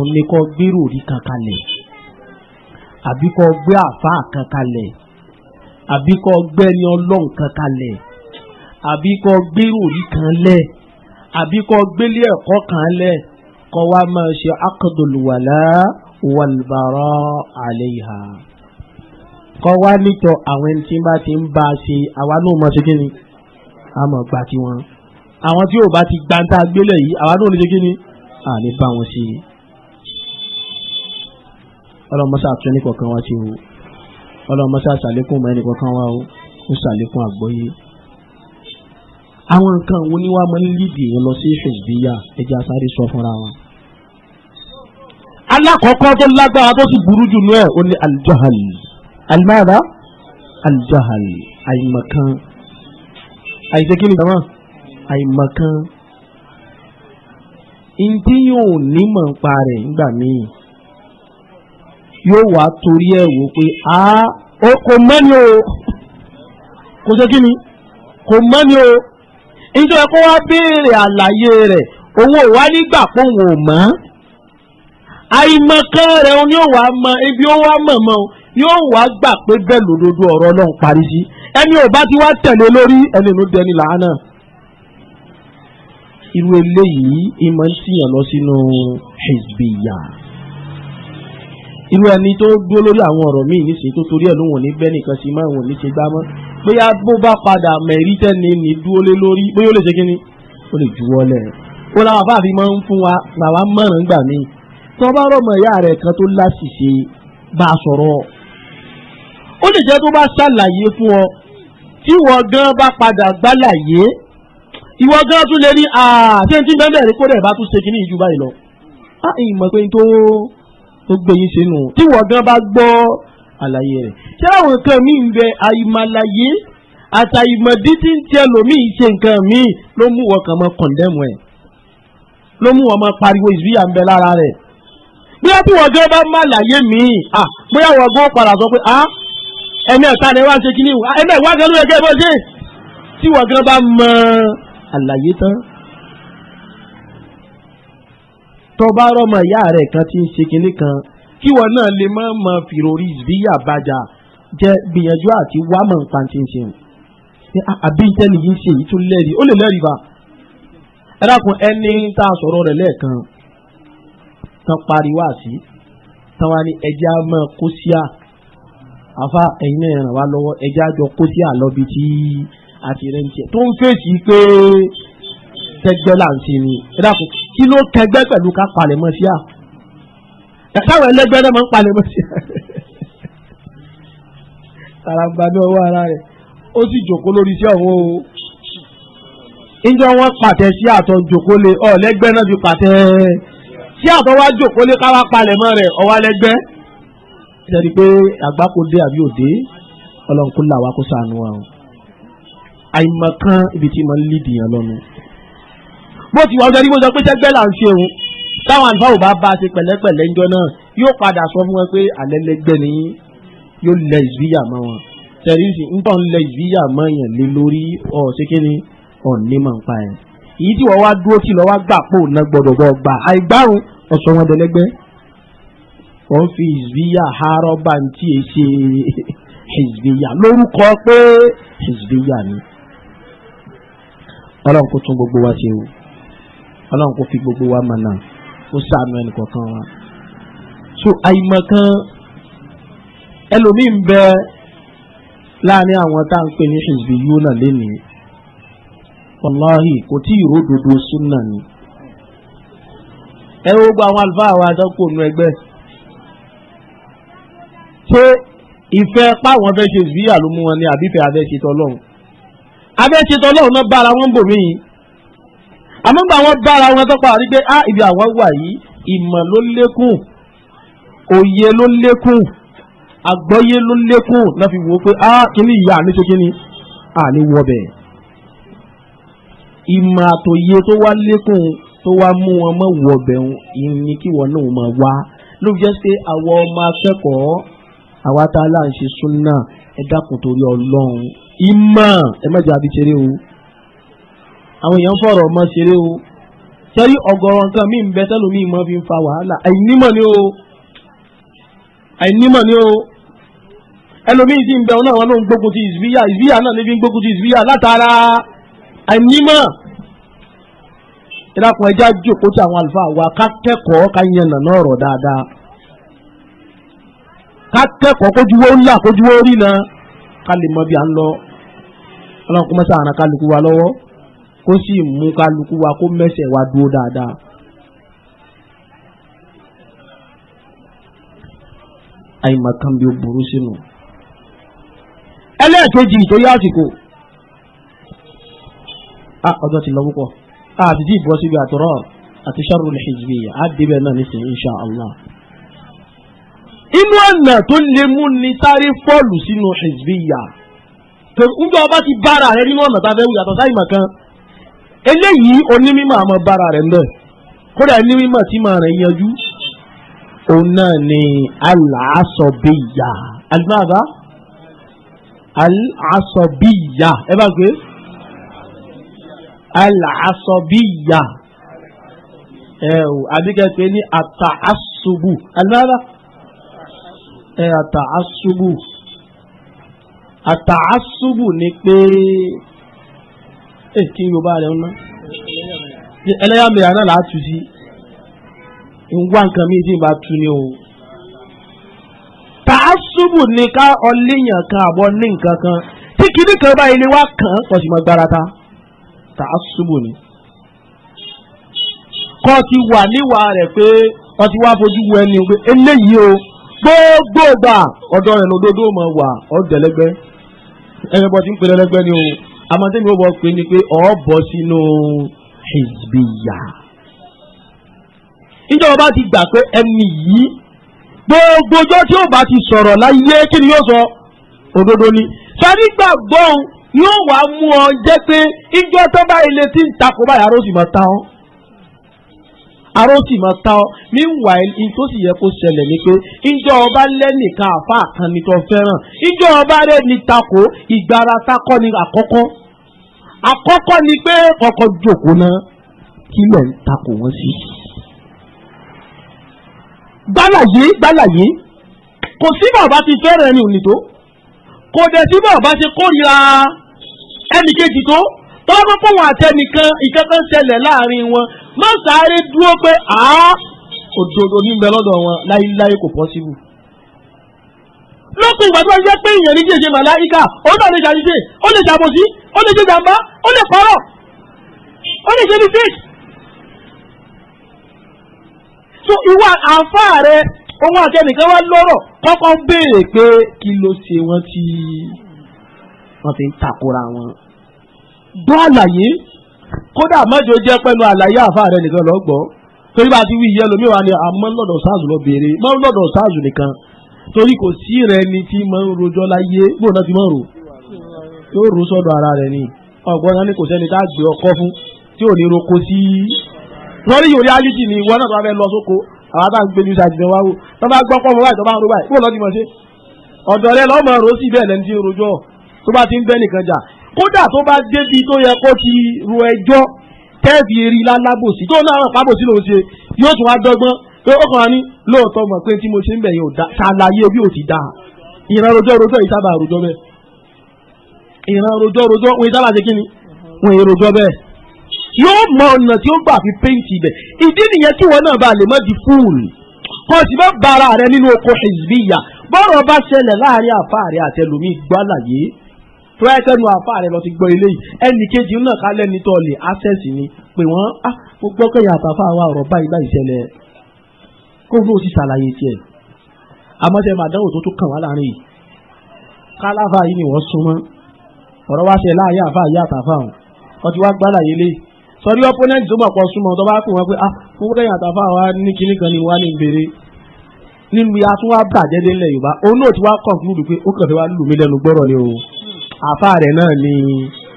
oníkọ gbèrò rí kankalẹ̀ àbíkọ gbé àfa kankalẹ̀ àbíkọ gbẹni ọlọ́run kankalẹ̀ àbíkọ gbèrò rí kan lẹ̀ àbíkọ gbélé ẹ̀kọ́ kan kọ́ wa máa ṣe akadolwala walbara aleha kọ́ wá nítọ̀ àwọn ẹni tí ń bá ti ń bá a ṣe àwa náà mọ̀ ṣe kíni a mọ̀ gba tiwọn àwọn tí ò bá ti gbanta gbélé yìí àwa náà ní ṣe kíni à ní bá wọn ṣe ọlọmọṣà tún ní kọ̀ọ̀kan wá ṣe o ọlọmọṣà ṣàlékún mọ́ ẹnì wá o ó ṣàlékún àgbọ́yé àwọn nǹkan wo ni wàá mọ nílídìí wọn lọ sí ṣòbíyà ẹjẹ asáré sọ fúnra wọn. alákọ̀ọ́kọ́ tó lágbára tó sì burú jù nú ẹ̀ ó ní alijahali alimada alijahal àìmọ̀kan àìsèkìlì tàmá àìmọ̀kan ntí yóò nímọ̀ nípa rẹ̀ nígbà míì yóò wá torí ẹ̀ wò pé a kò mẹ́ni o kò ṣe kí ni kò mẹ́ni o nítorí kó wá béèrè àlàyé rẹ̀ owó wa nígbà pòun ò mọ́ àìmọ̀kan rẹ̀ ni ó wà mọ ibi ó wà mọ̀ mọ́ o yóò wá gbà pé bẹ́ẹ̀ lòdodo ọ̀rọ̀ náà parí sí ẹni ò bá ti wá tẹ̀lé lórí ẹni inú dẹni làánà. irú eléyìí ìmọ̀ ń tìyàn lọ sínú hezbiya irú ẹni tó dúró lórí àwọn ọ̀rọ̀ míì nísìnyí tó torí ẹ̀ ló wọ̀n ní bẹ́ẹ̀ nìkan sí máa wọ̀n ní ṣe gbá mọ́ bóyá bó bá padà mẹ̀rí tẹ́ni ní dúró lé lórí bóyá ó lè ṣe kíni ó lè juwọ́ lẹ̀ ó láwọn afáàfin máa ń fún wa làwa mọ̀ràn gbà míì tí wọ́n bá rọ̀ mọ̀ ìyá rẹ̀ kan tó láṣìṣe bá a sọ̀rọ̀ ó lè jẹ́ tó bá ṣàlàyé fún ọ tí ìwọ gan bá padà gbálàyé ìwọ gan tún lè ní àti ẹni tí bẹ́ẹ̀ bẹ́ẹ̀ rí kó dẹ̀ bá tún ṣe kíní ìjú báyìí lọ. a ìmọ̀ pé tó tó gbẹ̀yìn ṣe nù tí ìwọ gan bá gbọ́ àlàyé rẹ̀ ṣé àwọn nǹkan mi ń bẹ àìmàlàyé àtàìmọ̀dí tí ń tiẹ̀ lòmíì ṣe nǹkan mi ló mú wọn kàn máa kọ̀ndẹ́mù ẹ̀ ló mú wọn máa pariwo ìsúyà ń bẹ lára rẹ̀ bóyá tí wọ́n gan bá má ẹ̀mí ẹ̀ta ni wá ń ṣe kíní ìwà ẹ̀mí ẹ̀wá gan ló yẹ kẹ́ bó ṣe tí wọ́n gan bá mọ àlàyé tán. tó bá rọ́mọ ìyá rẹ̀ kan tí ń ṣe kíní kan kí wọ́n náà lè má mọ fìròrí ìbíyà bàjá jẹ́ gbìyànjú àti wámọ̀ nǹkan tí ń ṣe àbí ìtẹ́ni yìí ń ṣe yìí tún lẹ́rìí ó lè lẹ́rìí bá ẹ dákun ẹni tá a sọ̀rọ̀ rẹ̀ lẹ́ẹ̀kan tán pariwo àsí tán wá ní ẹjẹ́ á máa kó síà afa ẹ̀yin náà ràn wá lọ́wọ́ ẹja jọ kó sí àlọ́bi tí a ti rẹ́ ń tiẹ̀ tó ń fèsì pé tẹgbẹ́ là ń ṣe ni ẹ dàpọ̀ kí ló tẹgbẹ́ pẹ̀lú ká palẹ̀mọ́ sí à táwọn ẹlẹgbẹ́ náà máa ń palẹ̀mọ́ sí à taraba ní ọwọ́ ara rẹ̀ ó sì jòkó lórí iṣẹ́ òun o ìjọ wọn pàtẹ sí àtọ̀ jòkó lé ọ̀lẹ́gbẹ́ náà fi pàtẹ sí àtọ̀ wá jòkó lé ká wá palẹ̀mọ́ rẹ̀ ọ̀wá lẹ́gbẹ́ sẹ́ni pé àgbákò dé àbí òde ọlọ́run kó là wá kó sànù wa o àìmọ̀ kan ibi tí mo ń lídìí yàn lọ́nu. bó ti wà ó sẹ́ni bó sọ pé sẹ́gbẹ́ là ń ṣe òun táwọn àlùfáà ò bá bá a ṣe pẹ̀lẹ́pẹ̀lẹ́ ńjọ náà yóò padà sọ fún wọn pé alẹ́ lẹ́gbẹ́ ni yóò lẹ ìzúyà mọ́ wọn sẹ́ni sì ń bọ̀ ń lẹ ìzúyà mọ́ yẹn lé lórí ọ̀ ṣé kí ni ọ̀ ní mọ̀ ń pa yẹn. èyí tí wọ́n wá dúró tì lọ́wọ́ gbà pò náà gbọ́dọ̀ gbọ́ gbà àìgbárùn ọ̀sọ̀ wọn dẹ̀lẹ́gbẹ́ wọ́n fi hizbiya haarọ́ bá ń tí e ṣe hizbiya lórúkọ pé hizbiya ni ọlọ́run kò tún gbogbo wa ṣe o ọlọ́run kò fi gbogbo wa mọ̀ náà kò sànù ẹnìkọ̀ọ̀kan wa so àìmọ̀kan ẹlòmíín bẹ láàrin àwọn tá à ń pè ní hizbiyuna lénìí wàláhì kò tí ì ródodo súnà ni ẹ wo gba àwọn àlùfáà wa àtọ́kùn ọ̀nà ẹgbẹ́ ṣé ìfẹ́ páwọn fẹ́ ṣe ìsìyà ló mú wọn ní àbífẹ́ abẹ́ṣetọ́ ọlọ́run abẹ́ṣetọ́ ọlọ́run náà bára wọn bò míì àmọ́ gbà wọ́n bára wọn tó parí pé á ibi àwọn wà yìí ìmọ̀ ló lékún òye ló lékún àgbọ́yé ló lékún náà fi wò ó pé á kíní ìyá àní tó kíní àní wọbẹ̀ ìmọ̀ àtòye tó wá lékún tó wá mú wọn mọ́ wọbẹ̀ ìní kí wọn náà máa wá ló jẹ́ pé àwọn ọmọ akẹ́kọ̀ọ́ àwa tá a là ń ṣe súnà ẹ dákun torí ọlọ́run ìmọ̀ ẹ mẹ́jọ àbí ṣeré o àwọn èèyàn fọ̀rọ̀ ọmọ ṣeré o sẹ́rí ọ̀gọ̀rọ̀ nǹkan mí bẹ sẹ́lómi mọ́ fi ń fa wàhálà àìnímọ̀ ni o àìnímọ̀ ni o ẹlòmíì sì ń bẹ ọ̀nà àwọn ló ń gbógun ti ìsbíyà ìsbíyà náà níbi ń gbógun ti ìsbíyà látara àìnímọ̀ ìdákun ẹja jòkó tí àwọn àlùfáà wa ká kẹ́kọ̀ọ́ ká yànnà náà rọ̀ dáadáa ká kẹ́kọ̀ọ́ kójúwó ńlá kójúwó rí náà ká lè mọ bí à ń lọ ọlọ́run kó mọ́sá àrùn kálukú wa lọ́wọ́ kó sì mú kálukú wa kó mẹ́sẹ̀ wa dúró dáadáa. àyìnbá kan bí ó burú sínú. ẹlẹ́ẹ̀kejì tó yá àsìkò a ah, ọjọ́ ti lọ púpọ̀ a ah, àti tí ìbọ̀ síbi àtọ̀rọ̀ àti sharru al-hizbiyya á débẹ̀ náà nísìnyí insha Allah inú ọ̀nà tó lè mú ni sáré fọ́ọ̀lù sínú hizbiyya tó ń bá ọba ti bára rẹ nínú ọ̀nà tá a fẹ́ wù yàtọ̀ sáyìmọ̀ kan eléyìí onímọ̀ àmọ́ bára rẹ̀ ńbẹ̀ kódà onímọ̀ tí màá rẹ̀ yanjú òun náà ni al-asabiyya alimaba ẹ bá gbé al ẹ o àbíkẹ́ pé ní àtàásùbù alimaba ẹ àtàásùbù àtàásùbù ni pé ẹ eh, kí yorùbá rẹ ńlá ẹlẹ́yàmẹ̀yà náà láti sí ń wá nǹkan mi tí n bá tu ni o tàásùbù ni ká ọlẹ́yìn kan àbọ̀ ní nǹkan kan tí kìíní kan bá ilé wa kàn án kọ̀sìmọ̀ gbára ta tàásùbù ni kọ́ ti wà níwà rẹ̀ pé ọ ti wá fojú wọ pé eléyìí o gbogbo ìgbà ọ̀dọ̀ rẹ̀ lódodo mọ̀ wà ọ̀dẹ̀lẹ́gbẹ́ ẹ̀yìn bọ́ ti ń pè lẹ́lẹ́gbẹ́ ni o amadéni ó bọ̀ pé ni pé ọ̀ bọ̀ sínú hizbiya. ìjọba bá ti gbà pé ẹni yìí gbogbo ọjọ́ tí ó bá ti sọ̀rọ̀ láyé kí ni yóò sọ òdodo ni sani gbàgbọ́n yóò wá mú ọ jẹ́ pé ìjọ tó bá ilé tí ń takò báyà ló sì máa ta ọ́ aró sì máa ta ọ meanwhile in tó sì yẹ kó ṣẹlẹ̀ ni pé ìjọ ọba lẹ́nìkan àfa àkànni tó fẹ́ràn ìjọ ọba rẹ̀ ní takò ìgbára takọ́ ni àkọ́kọ́ àkọ́kọ́ ni pé kọ́kọ́ jókòó náà kí lẹ̀ ń takò wọ́n sí. gbálàyé gbálàyé kò sí bàbá ti fẹ́ràn ẹni òní tó kò dẹ̀ sí bàbá ti kórìíra ẹnì kejì tó tó bá fún wọn àtẹnìkan ìkankan ṣẹlẹ̀ láàrin wọn má sáré dúró pé àá òdodo níbẹ̀ lọ́dọ̀ wọn láíláí kò pọ́síbù. lópin ìgbà tó ń jẹ́ pé èèyàn ní jèjì màláìka ó náà lè ṣàṣìṣe ó lè ṣàbòsí ó lè ṣe jàmbá ó lè parọ́ ó lè ṣe ní fíìsì. so ìwà àǹfààní rẹ ohun àtẹnìkan wá lọ́rọ̀ kọ́kọ́ béèrè pé kí ló ṣe wọ́n tí wọ́n fi ń takora wọn gbọ́ àlàyé kódà mọ́jọ jẹ́ pẹ́nu àlàyé àfa rẹ nìkan lọ gbọ́ torí bá a ti wí yẹ lómi wa ni àmọ́ lọ́dọ̀ sáàzù lọ béèrè mọ́ lọ́dọ̀ sáàzù nìkan torí kò sí rẹ ni tí máa ń rojọ́ láyé bóun náà ti máa ń rò yóò rò sọ́dọ̀ ara rẹ ni ọ̀gbọ́n náà ni kò sẹ́ni tá a gbé ọkọ fún tí ò ní roko sí i wọ́n rí yòó reality ni ìwọ náà tó bá fẹ́ lọ sóko àwọn àtàwọn gbé ní ìsàjì náà wá wò tó bá gbọ́ kódà tó bá débi tó yẹ kó ti ro ẹjọ́ tẹ́ẹ̀bì eré lálábòsí tó náà pàbòsí lòún ṣe yóò tún wá dọ́gbọ́n pé ó kàn án ní pé tí mo ṣe ń bẹ̀ yẹn ò da ṣàlàyé bí ò ti da ìran rojọ́ rojọ́ yìí sábà rojọ́ bẹ́ẹ̀ ìran rojọ́ rojọ́ wọn sábà ṣe kí ni wọn èrò rojọ́ bẹ́ẹ̀ yóò mọ ọ̀nà tí ó gbà fi péǹtì ibẹ̀ ìdí nìyẹn tí wọn náà bá lè mọ́ di fúùlù kọ́ sì bá bara rẹ nínú oko hizbiya bọ́rọ̀ bá ṣẹlẹ̀ láàrin àfáàrí àtẹlùmí gbálàyé tó yẹ kẹ́nu àfa rẹ̀ lọ ti gbọ́ eléyìí ẹnì kejì náà kálẹ̀ nítọ́ọ̀lì access ni pé wọ́n á ah, mo gbọ́ kẹ́yìn àtàfà wa ọ̀rọ̀ báyìí báyìí ṣẹlẹ̀ kó ló sì ṣàlàyé tiẹ̀ amọ́tẹ́ màdánwò tó tún kàn wá láàrin yìí káláfà yìí ni wọ́n súnmọ́ ọ̀rọ̀ wá ṣe láàyè àfa àyè àtàfà wọn wọ́n ti wá gbálà yé lé sọrí opponent tó bọ̀ pọ̀ súnmọ́ ah, wa ní kinní ni wà ní ìbéèrè nínú ya tó wá bàjẹ́ délẹ̀ Yorùbá òun náà ti wá àfa rẹ̀ náà ni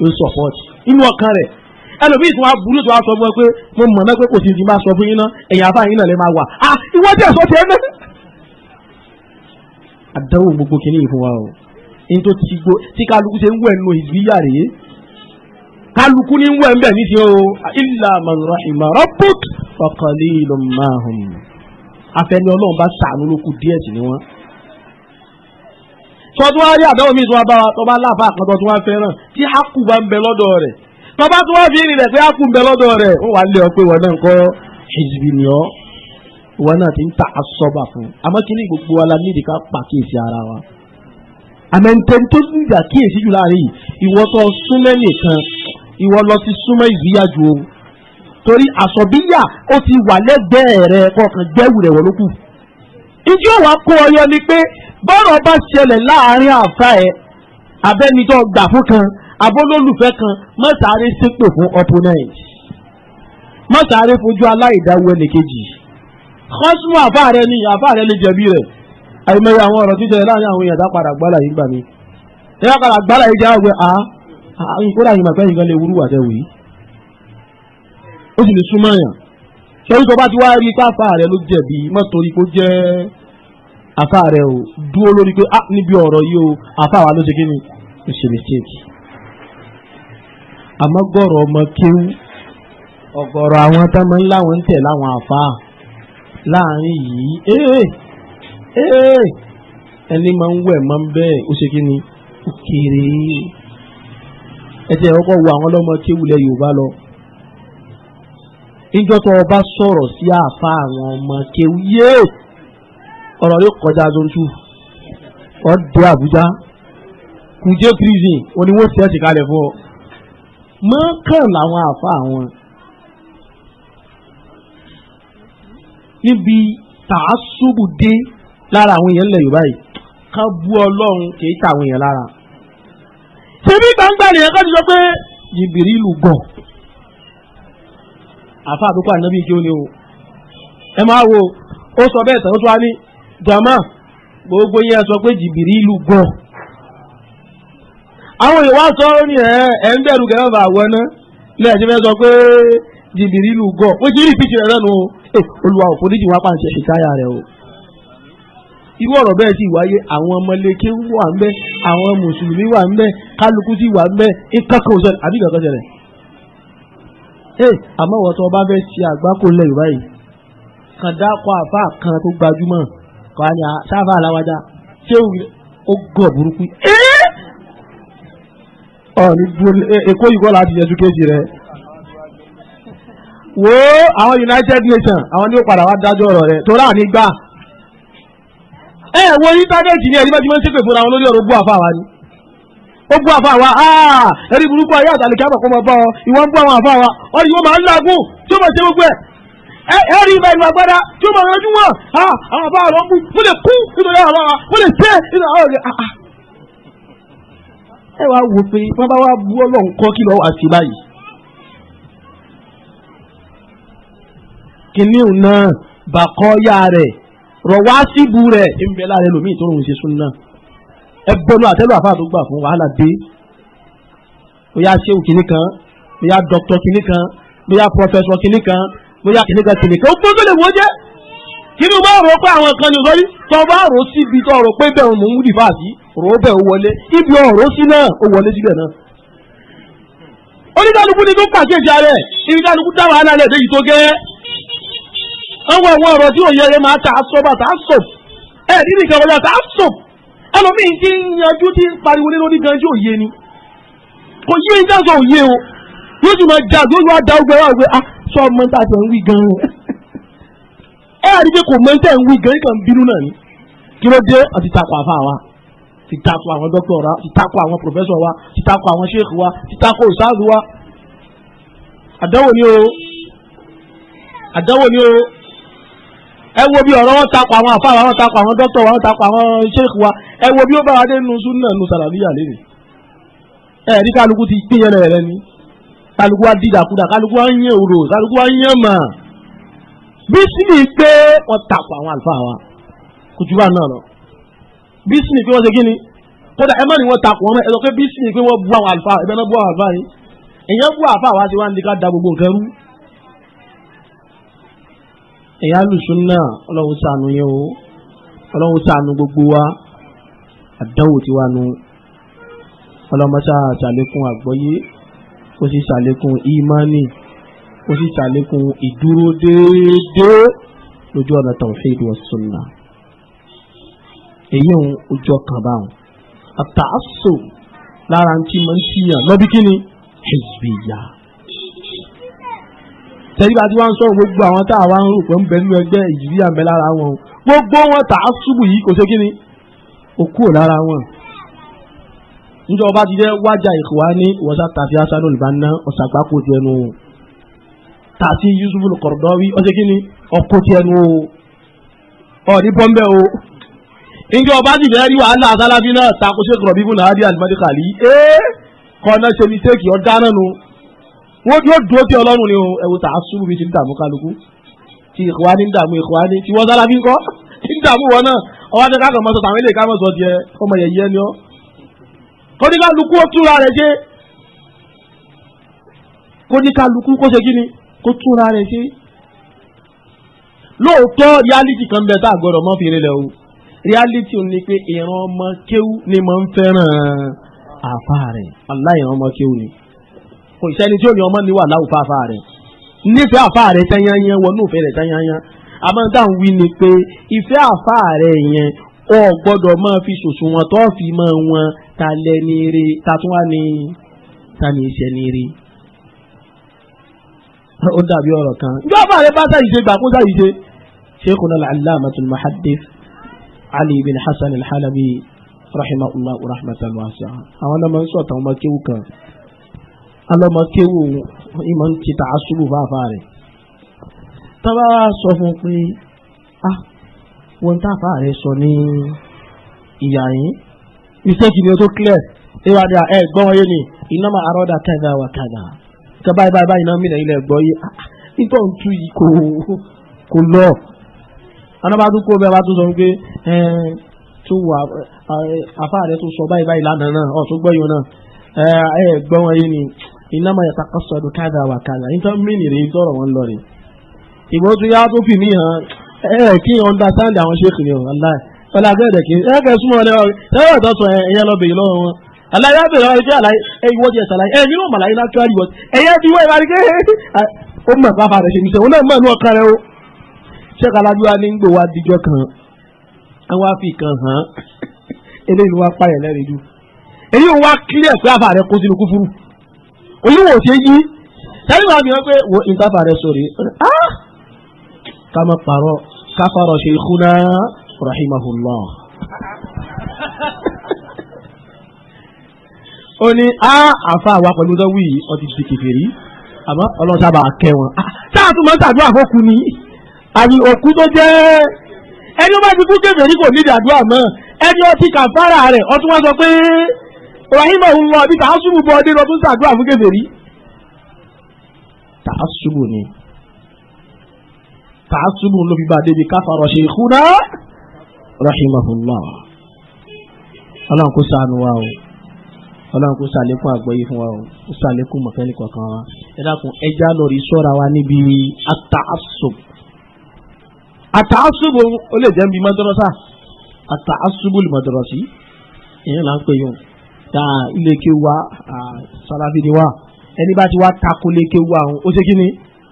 ó support inú ọkàn rẹ̀ ẹlòmíì tí wọ́n á burú tí wọ́n á sọ fún ẹ pé mo mọ̀ náà pé kò sí ti máa sọ fún yín náà ẹ̀yìn àfa yín náà lè máa wà á ìwọ tí ẹ̀sọ́ tiẹ̀ náà. àdánwò gbogbo kìíní fún wa o ní tó ti gbó tí kálukú ṣe ń wẹ̀ nù ìgbéyà rèé kálukú ní wẹ̀ ń ní ti o illa man rahima rabbuk wa qalilun ma hum afẹ́ni ọlọ́run bá sàánú lókù díẹ̀ sí ni wọ́n sọtú wá rí àdáwò míì tó wá bá wa tọba láfa àkàtọ tó wá fẹ́ràn tí haku bá ń bẹ lọ́dọ̀ rẹ̀ tọba tó wá fi rìn rẹ̀ pé haku ń bẹ lọ́dọ̀ rẹ̀ ó wà lé ọ pé wọn náà ń kọ ṣèjìbì ni ọ wọn náà ti ń ta asọba fún àmọ́ kí ni gbogbo wa la ní ìdíkà pàkíyèsí ara wa àmẹ́ntẹ́ni tó ní ìdá kíyèsí jù láàrin yìí ìwọ tó súnmẹ́ nìkan ìwọ lọ sí súnmọ́ ìzíyàjú o torí àsọ̀bíyà ó ti wà lẹ́gbẹ̀ẹ́ rẹ kọkàn gbẹ́wù rẹ̀ wọ́n ìjọ wa kó ọyọ ni pé bọ́rọ̀ bá ṣẹlẹ̀ láàrin àfa ẹ̀ abẹ́nijọ́ gbà fún kan abólólùfẹ́ kan mọ́sàárẹ́ sípò fún opponent mọ́sàárẹ́ fojú aláìdáwọ́ ẹnìkejì kọ́sùmù àfa rẹ ni àfa rẹ lè jẹ̀bi rẹ̀ àìmọye àwọn ọ̀rọ̀ tó ṣẹlẹ̀ láàrin àwọn èèyàn dá padà gbálà yìí gbà mí ẹ̀yà padà gbálà yìí jẹ́ àgbẹ̀ àá kódà yìí màgbẹ́ yìí gan lè wúrú àtẹ̀wò yìí ó sì lè súnmọ́ yàn ṣé orí tó bá ti wá rí káfà rẹ ló jẹ̀bi mọ́ torí kó jẹ́ afa rẹ o dúró lórí pé ah níbi ọ̀rọ̀ yìí o afa wa ló ṣe kí ni ó ṣe mistake àmọ́ gọ̀rọ̀ ọmọ kéwú ọ̀gọ̀rọ̀ àwọn tọ́mọ ńlá wọn ń tẹ̀ láwọn afa láàrin yìí ee ee ẹni máa ń wẹ̀ máa ń bẹ́ẹ̀ ó ṣe kí ni ó kéré ẹ ti wo àwọn ọlọ́mọ kéwú Yorùbá lọ níjọ́ tó o sọ̀rọ̀ sí àfa àwọn ọmọ kéwú yéé ọ̀rọ̀ ló kọjá zontu ọ̀dẹ́ Àbújá kùjé prison wọn ni wọ́n tẹ̀sí kalẹ̀ fún ọ. mọ́kàn làwọn àfa àwọn níbi tààsùbù dé lára àwọn èèyàn lẹ̀ Yorùbá yìí ká bú Ọlọ́run kìí ta àwọn èèyàn lára. ṣebí gbangba nìyẹn kọ́ ti sọ pé jìbìrì ìlú gọ̀ àfa àbúkọ ànábì kí ó ní o ẹ máa wo ó sọ bẹ́ẹ̀ tán ó tún wá ní jama gbogbo yẹn sọ pé jìbìrì ìlú gan àwọn èèyàn wá sọ ní ẹ ẹ ń bẹ̀rù gẹ́gẹ́ bá àwọn náà ilé ẹ̀jẹ̀ fẹ́ sọ pé jìbìrì ìlú gan ó ti rí ìpìtì rẹ̀ lẹ́nu olùwà òfò níjì o irú ọ̀rọ̀ bẹ́ẹ̀ sì wáyé àwọn wà ń àwọn mùsùlùmí wà ń kálukú sì wà ń àbí kọ́ ni ah, sáfà aláwájá ṣé ó gọ̀ burúkú ọ̀ní èkó yìí kọ́ láti yẹtu kéjì rẹ̀ wo àwọn United Nations àwọn ní ó padà wá dájọ́ ọ̀rọ̀ rẹ̀ tó láàánú gbà ẹ wo íńtánẹ́ẹ̀tì ni ẹ̀rí bá ti máa ń ṣépè fúnra wọn lórí ọ̀rọ̀ gbọ́ àfa wa ni ó bú àfa wa ah, ẹ̀rí burúkú ayé àtàlẹ́kẹ́ àbàkọ́ máa bá ọ ìwọ ń bú àwọn àfa wa ọ̀rọ̀ yìí wọ́n máa ń làágùn tí ó máa ṣe gbogbo ẹ̀ ẹ̀rí ibà ìlú agbada tí ó bá rọjú wọn àwọn bá rọ mú mo lè kú nítorí àwọn àwọn mo lè tẹ nítorí àwọn ọ̀rẹ́ àà. Ah, ah. ẹ wá wò pé wọn bá wá bu Ọlọ́run kọ kí lọ wá sí báyìí. kìnìún náà bàkọ́yà rẹ̀ rọ̀wásíbu rẹ̀ ń bẹ láàrin lómi ìtọ́rùn ṣe sún náà ẹ bọ́nu àtẹ́lù àfáà tó gbà fún wàhálà dé bóyá ṣéwù kìnìkan bóyá dọ́kítọ̀ kìnìkan bóyá pọfẹsọ kìnìkan bóyá kìnìkan kìnìkan ó gbọ́dọ̀ lè wọ́n jẹ́ kínú bá rò pé àwọn kan ní sọ́rí tó bá rò síbi tó rò pé bẹ́ẹ̀ mò ń wúdi fà sí rò bẹ́ẹ̀ ó wọlé ibi ọ̀rọ̀ sí náà ó wọlé síbẹ̀ náà. oníkálukú ni tó pàṣẹjì rẹ̀ ibi kálukú dá wàhálà rẹ̀ léyìí tó gẹ́. àwọn àwọn ọ̀rọ̀ tí òye rẹ̀ máa ta sọ́ba ta sọ̀ ẹ̀ nínú ìkàwé ta sọ̀ ẹlòmíì ti ń yanjú ti ń pariwo lé lórí gan tí òye ni kò yé ní o yóò sì máa jà yóò wá sọ ọmọ tá a ti ń wí gan rẹ ẹ àdìgbé kò mọ tẹ ń wí gan kàn bínú náà ni kí ló dé àti takò àfa wa ti takò àwọn dókítà wa ti takò àwọn pòfẹsọ wa ti takò àwọn ṣéèkì wa ti takò òṣàlù wa àdánwò ni o àdánwò ni o ẹ wo bí ọ̀rọ̀ wọn takò àwọn àfa wa wọn takò àwọn dókítà wa wọn takò àwọn ṣéèkì wa ẹ wo bí ó bá wa dé nu sunna nu sàlàbíyà lé ni ẹ̀ẹ́dí kálukú ti gbé yẹn lẹ́yìn lẹ́ni kálukú wa dídàkudà kálukú wa ń yẹ òrò kálukú wa ń yẹ mà bísíní pé wọ́n takò àwọn àlùfáà wa kùtùbà náà lọ bísíní pé wọ́n ṣe kí ni kódà ẹ má ní wọ́n takò wọn ẹ lọ pé bísíní pé wọ́n bu àwọn àlùfáà ẹ bẹ́ẹ̀ náà bu àwọn àlùfáà yìí èyàn bu àlùfáà wa ṣe wá ní ká da gbogbo nǹkan rú ẹ̀yà lùsùn náà ọlọ́run ṣàánú yẹn o ọlọ́run ṣàánú gbogbo wa àdánwò tiwa nu ọlọ́mọṣà ṣàlékún àgbọ́yé kó sì ṣàlékún ìmánì kó sì ṣàlékún ìdúró déédéé lójú ọ̀nà tawhid wa sunna èyí ń ojú ọkàn báwọn àtàásù lára tí mo ń tiyàn lọ́bí kí ni hizbiya tẹ̀lé bá ti wá ń sọ̀rọ̀ gbogbo àwọn tá a wá ń rò pé ń bẹ nínú ẹgbẹ́ ìjìbíyà lára wọn gbogbo wọn tàásùbù yìí kò ṣe kí ó kúrò lára wọn níjọ ọba ti jẹ́ wájà ìkùwá ní wọ́sá tàfi asanu ìbáná ọ̀sàgbákò ti ẹnu o tàfi Yusuf Qaradawi ọ̀sẹ̀ kí ni ọkọ̀ ti o ọ̀ ní bọ́m̀bẹ́ o níjọ ọba ti jẹ́ rí wàhálà asálàfi náà tako ṣe kọ̀rọ̀ bíbù náà rí alimadikali ee kọ́nà ṣe mi tẹ́kì ọ̀ dáná nu wọ́n yóò dúró tí ọlọ́run ni o ẹ̀wò tà á súnmù bí ti ń dààmú kálukú ti ìkùwá ní ń dààmú ìkùwá ní ti wọ́n sálàfi ńkọ́ ti ń dààmú wọn náà ọwọ́ adé ká kàn mọ́ kóníkàlùkù ó túra rẹ̀ ṣe kóníkàlùkù kó ṣe kíni kó túra rẹ̀ ṣe lóòótọ́ reality kan bẹ tá a gbọ́dọ̀ mọ́ fi rí lẹ̀ o reality ni pé ìran ọmọ kéwú ni mo ń fẹ́ràn àfa rẹ̀ aláìran ọmọ kéwú ni kò sẹ́ni tí ò ní ọmọ níwà láwùfà àfa rẹ̀ nífẹ̀ẹ́ àfa rẹ̀ tẹ́yányán wọnú ìfẹ́ rẹ̀ tẹ́yányán àmọ́ dáhùn wí ni pé ìfẹ́ àfa rẹ̀ yẹn ọ̀ gbọ́dọ̀ máa fi sòsùn tó fi máa wọn ta lẹni rí ta tún wá ní ta ní iṣẹ́ ní rí. ó dàbí ọ̀rọ̀ kan ìjọba rẹ bá sáyìí ṣe gbà kó sáyìí ṣe. شيخنا العلامة المحدث علي بن حسن الحلبي رحمه الله رحمة واسعة أنا من صوت ما كيوك أنا ما كيو إيمان تتعصب فافاري تبا صوفن قي أه وانتا فاري صوني إياي mistake ni o tó clear ẹ wá dà ẹ gbọ́n wọ́n yé ni iná máa arọ́ da kàdà wà kàdà kà báyìí báyìí báyìí náà mìíràn ilẹ̀ gbọ́ yé ah, nítorí òun tú yìí kò kò lọ. anábàtú kó bẹ́ẹ̀ bá tún sọ pé ẹ tó wà àfa rẹ tó sọ báyìí báyìí lánàá náà ọ̀ tó gbọ́ yìí náà ẹ gbọ́n wọ́n yé ni iná máa yàtà kọ́sọ̀dù kàdà wà kàdà nítorí mìíràn èyí tọrọ wọn lọ rè ìbọn tó yá tó fi níhàn ẹ kí understand àwọn ṣèkìlì ọ̀ ọlá abẹ́rẹ́ kì í ẹ kẹ́ súnmọ́ ọlẹ́ ọ̀rẹ́ ẹ̀rọ ìtọ́sọ ẹ̀yẹ lọ bèèrè lọ́wọ́ wọn aláyé abẹ́rẹ́ ọ̀rẹ́ jẹ́ àlàyé ẹ̀yìn wọ́n jẹ́ sàlàyé ẹ̀yìn nínú màláyé lákàrí wọ́n ẹ̀yẹ ti wọ́n ìbárí ké (laughs) ó mọ̀ pápá rẹ̀ ṣe ní sẹ́wọ́n náà mọ̀ ní ọ̀kan rẹ̀ o ṣẹ́ka aládùúgbò ní gbòwó adijọ́ kan àwọn afi kan hàn eléyìí wá pààyàn lẹ́rìí ju èyí wá kílẹ̀ pé àfà rẹ̀ kó sínú kúfúrú oyún wò ṣe yí sẹ́yìn wà mìíràn pé wo ìtafà rẹ̀ sórí ah! ká má rahimahullah. ó ní á àfa àwa pẹ̀lú tó wí yìí ó ti di kèfèrí àmọ́ ọlọ́run sábà kẹ́ wọn. Ah, táà tún máa ń tàdúrà fókù ni àmì òkú tó jẹ́ ẹni ó bá ti kú kèfèrí kò nídìí àdúrà mọ́ ẹni ó ti kàfàrà rẹ̀ ó tún wá sọ pé rahimahullah bí tàásùbù bọ́ ọdẹ lọ tún sàdúrà fún kèfèrí. tàásùbù ni tàásùbù ló fi bá débi káfàrọ̀ ṣe kú náà rahimahullah ọlọ́run kó ṣàánú wa o ọlọ́run kó ṣàlékún àgbọ́yé fún wa o kó ṣàlékún mọ̀fẹ́lì kọ̀ọ̀kan wa ẹ dákun ẹja lórí sọ́ra wa níbi ataasub ataasub ó lè jẹ́ níbi madrasa ataasub madrasi ìyẹn là ń pè yún ta ilé ké wa salafi ni wa ẹni bá ti wá tako lé wa o ṣe kí ni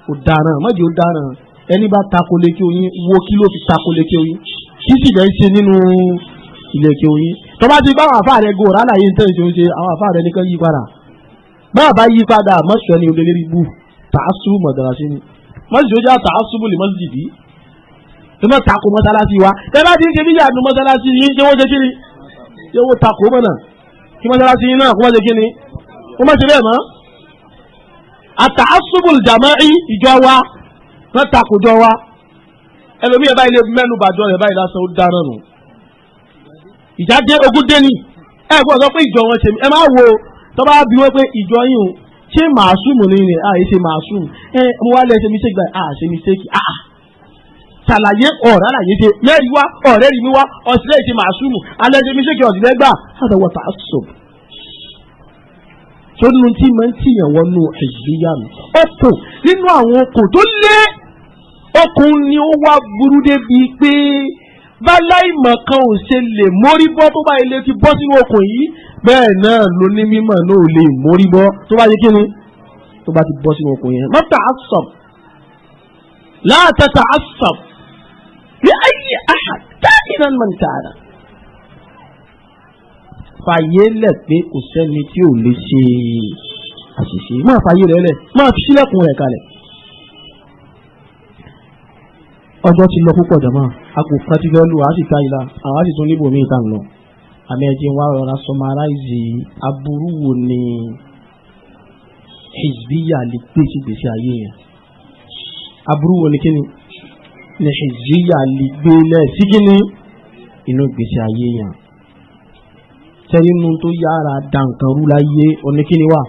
o dáná mọ̀jẹ̀ o dáná ẹni bá tako lé o yín wo kí ló fi tako lé o yín kí sì lẹ́ ṣe nínú ilé kí oyin tó bá ti bá àwọn àfa rẹ gòrò àlàyé ń tẹ̀sí oúnjẹ àwọn àfa rẹ nìkan yí padà bá yí padà mọ́sùn ẹni olórí bù tààsù mọ̀dàlásí ni mọ́sùn ojú àtàásù bùlì mọ́sùn jìbì tó náà takò mọ́sálásí wa tẹ́ bá ti ń ṣe bí yàtú mọ́sálásí yìí ń ṣe wọ́n ṣe kí ni ṣé wọ́n takò mọ́ kí mọ́sálásí yìí náà kó wọ́n ṣe kí ni kó má ṣe bẹ́ẹ̀ mọ́ àtàásù bùlì jàmáì ìjọ wa wọ́n takò jọ wa ẹlòmí ẹ báyìí lè mẹ́nu bàjọ́ rẹ̀ báyìí lásán ó dáná nù. ìjà dé ogún dé ní ẹ gbọ́dọ̀ sọ pé ìjọ wọn ṣe mí ẹ máa wo tó bá bí wọ́n pé ìjọ yìí o ṣé màásùmù ni ni àyè ṣe màásùmù ẹ mo wá lẹ ṣe mi ṣe gbà à ṣe mi ṣe kì à ṣàlàyé ọ̀rẹ́ àlàyé ṣe mẹ́rin wá ọ̀rẹ́ rí mi wá ọ̀sílẹ̀ ṣe màásùmù alẹ́ ṣe mi ṣe kì ọ̀sílẹ̀ gbà àtàwọ̀ tà sọ. sódùnú tí mo ń tìyàn wọnú ẹ̀yìn yá mi ọ̀pọ̀ nínú àwọn okùn tó lé ọkùnrin ni ó wá burú débi pé báláìmọ̀ kan ò ṣe lè mórí bọ́ tó bá ilé ti bọ́ sínú okùn yìí bẹ́ẹ̀ náà ló ní mímọ̀ náà ò lè mórí bọ́ tó bá yẹ kí ni tó bá ti bọ́ sínú okùn yẹn. mọ́tà asọ̀m láàtàtà asọ̀m ní ayé àhà táyìnà mọ̀ntàrà. fàyè lẹ̀ pé kò sẹ́ni tí ò lè ṣe àṣìṣe máa fàyè rẹ̀ lẹ̀ máa fi sílẹ̀kùn rẹ̀ kalẹ̀. ọjọ́ ti lọ púpọ̀ jọ̀mọ́ àpò kan ti fẹ́ lù á sì ta ìlà àwa sì tún níbò míì tàn lọ àmì ẹ̀jẹ̀ wa rọra sọmaráìzì aburú wo ni hizbiya lè gbèsè gbèsè ayé yẹn aburú wo ni kíni ni hizbiya lè gbé lẹ́sí kíni inú gbèsè ayé yẹn sẹ́yìn nu tó yára dànkan rú láyé oníkíni wa